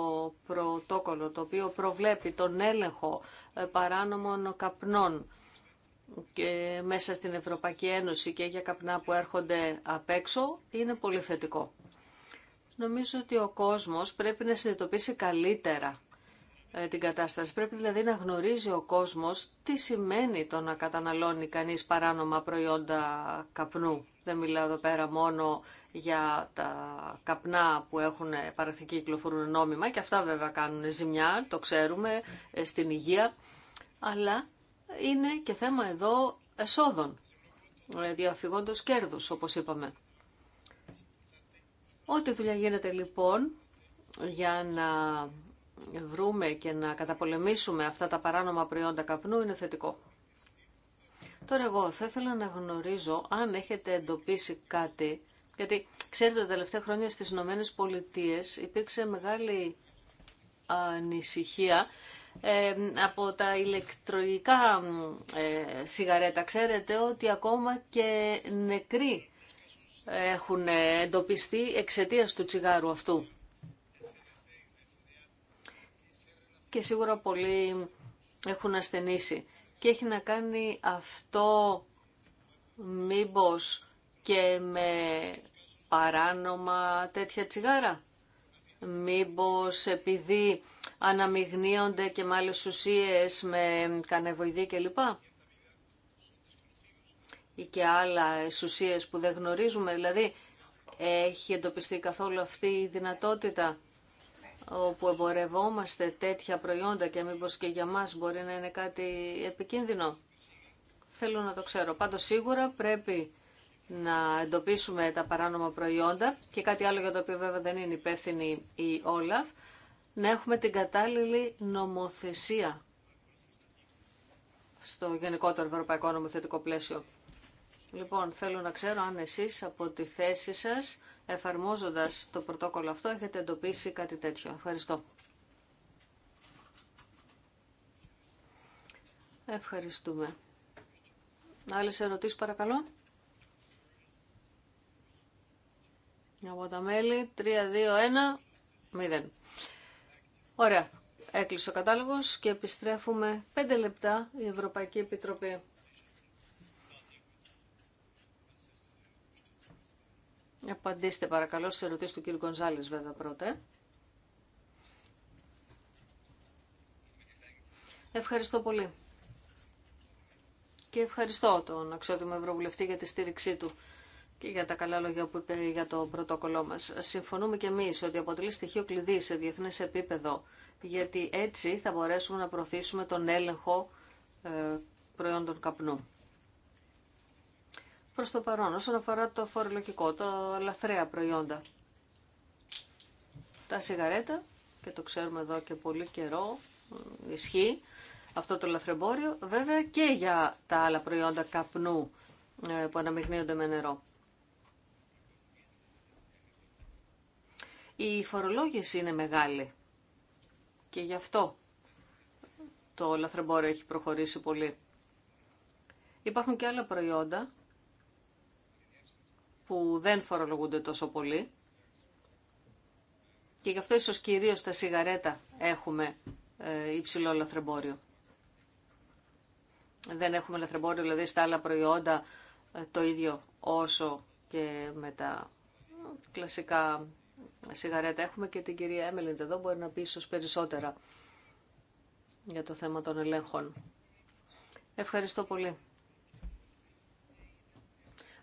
πρωτόκολλο το οποίο προβλέπει τον έλεγχο ε, παράνομων καπνών και μέσα στην Ευρωπαϊκή Ένωση και για καπνά που έρχονται απ' έξω είναι πολύ θετικό. Νομίζω ότι ο κόσμος πρέπει να συνειδητοποιήσει καλύτερα ε, την κατάσταση. Πρέπει δηλαδή να γνωρίζει ο κόσμος τι σημαίνει το να καταναλώνει κανείς παράνομα προϊόντα καπνού. Δεν μιλάω εδώ πέρα μόνο για τα καπνά που έχουν παραχθεί κυκλοφορούν νόμιμα και αυτά βέβαια κάνουν ζημιά, το ξέρουμε, ε, στην υγεία. Αλλά είναι και θέμα εδώ εσόδων, ε, διαφυγόντος κέρδους, όπως είπαμε. Ό,τι δουλειά γίνεται λοιπόν για να βρούμε και να καταπολεμήσουμε αυτά τα παράνομα προϊόντα καπνού είναι θετικό. Τώρα εγώ θα ήθελα να γνωρίζω αν έχετε εντοπίσει κάτι, γιατί ξέρετε τα τελευταία χρόνια στις Ηνωμένε Πολιτείες υπήρξε μεγάλη ανησυχία από τα ηλεκτρονικά ε, σιγαρέτα. Ξέρετε ότι ακόμα και νεκροί έχουν εντοπιστεί εξαιτίας του τσιγάρου αυτού. Και σίγουρα πολλοί έχουν ασθενήσει. Και έχει να κάνει αυτό μήπως και με παράνομα τέτοια τσιγάρα μήπως επειδή αναμειγνύονται και με άλλες ουσίες, με κανεβοειδή κλπ. Ή και άλλα ουσίες που δεν γνωρίζουμε, δηλαδή έχει εντοπιστεί καθόλου αυτή η δυνατότητα όπου εμπορευόμαστε τέτοια προϊόντα και μήπως και για μας μπορεί να είναι κάτι επικίνδυνο. Θέλω να το ξέρω. Πάντως σίγουρα πρέπει να εντοπίσουμε τα παράνομα προϊόντα και κάτι άλλο για το οποίο βέβαια δεν είναι υπεύθυνη η Όλαφ, να έχουμε την κατάλληλη νομοθεσία στο γενικότερο ευρωπαϊκό νομοθετικό πλαίσιο. Λοιπόν, θέλω να ξέρω αν εσείς από τη θέση σας, εφαρμόζοντας το πρωτόκολλο αυτό, έχετε εντοπίσει κάτι τέτοιο. Ευχαριστώ. Ευχαριστούμε. Άλλες ερωτήσεις παρακαλώ. από τα μέλη. 3, 2, 1, 0. Ωραία. Έκλεισε ο κατάλογος και επιστρέφουμε 5 λεπτά η Ευρωπαϊκή Επιτροπή. Απαντήστε παρακαλώ στις ερωτήσει του κ. Γκονζάλης βέβαια πρώτα. Ευχαριστώ πολύ. Και ευχαριστώ τον αξιότιμο Ευρωβουλευτή για τη στήριξή του και για τα καλά λόγια που είπε για το πρωτόκολλό μας. Συμφωνούμε και εμείς ότι αποτελεί στοιχείο κλειδί σε διεθνέ επίπεδο, γιατί έτσι θα μπορέσουμε να προωθήσουμε τον έλεγχο ε, προϊόντων καπνού. Προς το παρόν, όσον αφορά το φορολογικό, τα λαθρέα προϊόντα, τα σιγαρέτα, και το ξέρουμε εδώ και πολύ καιρό, ε, ισχύει αυτό το λαθρεμπόριο, βέβαια και για τα άλλα προϊόντα καπνού ε, που αναμειγνύονται με νερό. η φορολόγηση είναι μεγάλη και γι' αυτό το λαθρεμπόριο έχει προχωρήσει πολύ. Υπάρχουν και άλλα προϊόντα που δεν φορολογούνται τόσο πολύ και γι' αυτό ίσως κυρίως τα σιγαρέτα έχουμε ε, υψηλό λαθρεμπόριο. Δεν έχουμε λαθρεμπόριο δηλαδή στα άλλα προϊόντα ε, το ίδιο όσο και με τα κλασικά σιγαρέτα. Έχουμε και την κυρία Έμελιντ εδώ, μπορεί να πει ίσω περισσότερα για το θέμα των ελέγχων. Ευχαριστώ πολύ.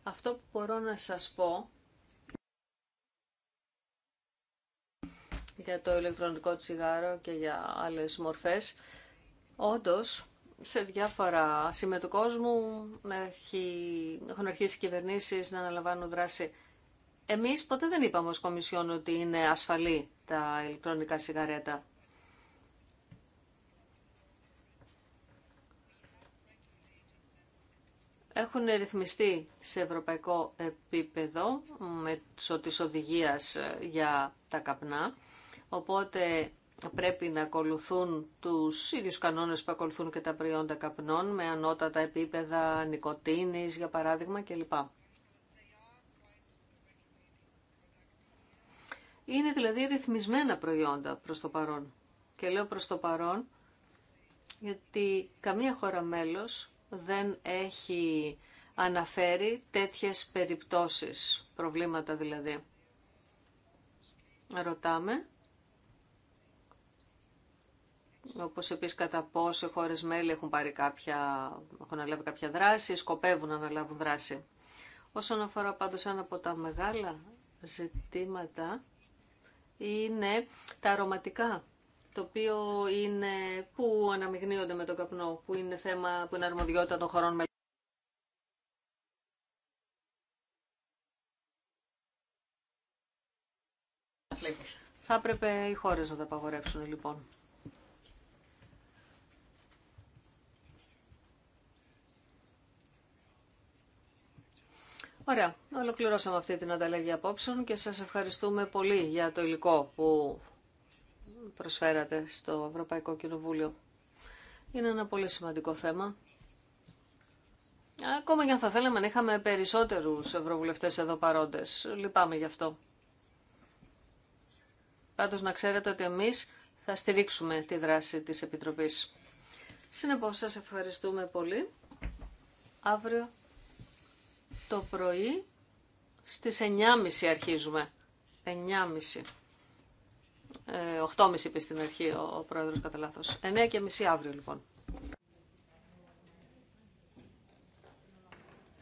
Αυτό που μπορώ να σας πω για το ηλεκτρονικό τσιγάρο και για άλλες μορφές, όντως σε διάφορα σημεία του κόσμου έχουν αρχίσει κυβερνήσεις να αναλαμβάνουν δράση εμείς ποτέ δεν είπαμε ως Κομισιόν ότι είναι ασφαλή τα ηλεκτρονικά σιγαρέτα. Έχουν ρυθμιστεί σε ευρωπαϊκό επίπεδο με τη οδηγίας ε, για τα καπνά, οπότε πρέπει να ακολουθούν τους ίδιους κανόνες που ακολουθούν και τα προϊόντα καπνών με ανώτατα επίπεδα νικοτίνης για παράδειγμα κλπ. Είναι δηλαδή ρυθμισμένα προϊόντα προς το παρόν. Και λέω προς το παρόν γιατί καμία χώρα μέλος δεν έχει αναφέρει τέτοιες περιπτώσεις, προβλήματα δηλαδή. Ρωτάμε, όπως επίσης κατά πόσο οι χώρες μέλη έχουν, πάρει κάποια, έχουν αναλάβει κάποια δράση, σκοπεύουν να αναλάβουν δράση. Όσον αφορά πάντως ένα από τα μεγάλα ζητήματα είναι τα αρωματικά, το οποίο είναι που αναμειγνύονται με τον καπνό, που είναι θέμα που είναι αρμοδιότητα των χωρών μελών. Θα έπρεπε οι χώρες να τα απαγορεύσουν λοιπόν. Ωραία, ολοκληρώσαμε αυτή την ανταλλαγή απόψεων και σας ευχαριστούμε πολύ για το υλικό που προσφέρατε στο Ευρωπαϊκό Κοινοβούλιο. Είναι ένα πολύ σημαντικό θέμα. Ακόμα και αν θα θέλαμε να είχαμε περισσότερους ευρωβουλευτές εδώ παρόντες. Λυπάμαι γι' αυτό. Πάντως να ξέρετε ότι εμείς θα στηρίξουμε τη δράση της Επιτροπής. Συνεπώς σας ευχαριστούμε πολύ. Αύριο το πρωί στις 9.30 αρχίζουμε. 9.30. 8.30 ε, είπε στην αρχή ο, ο πρόεδρος κατά λάθος. 9.30 αύριο λοιπόν.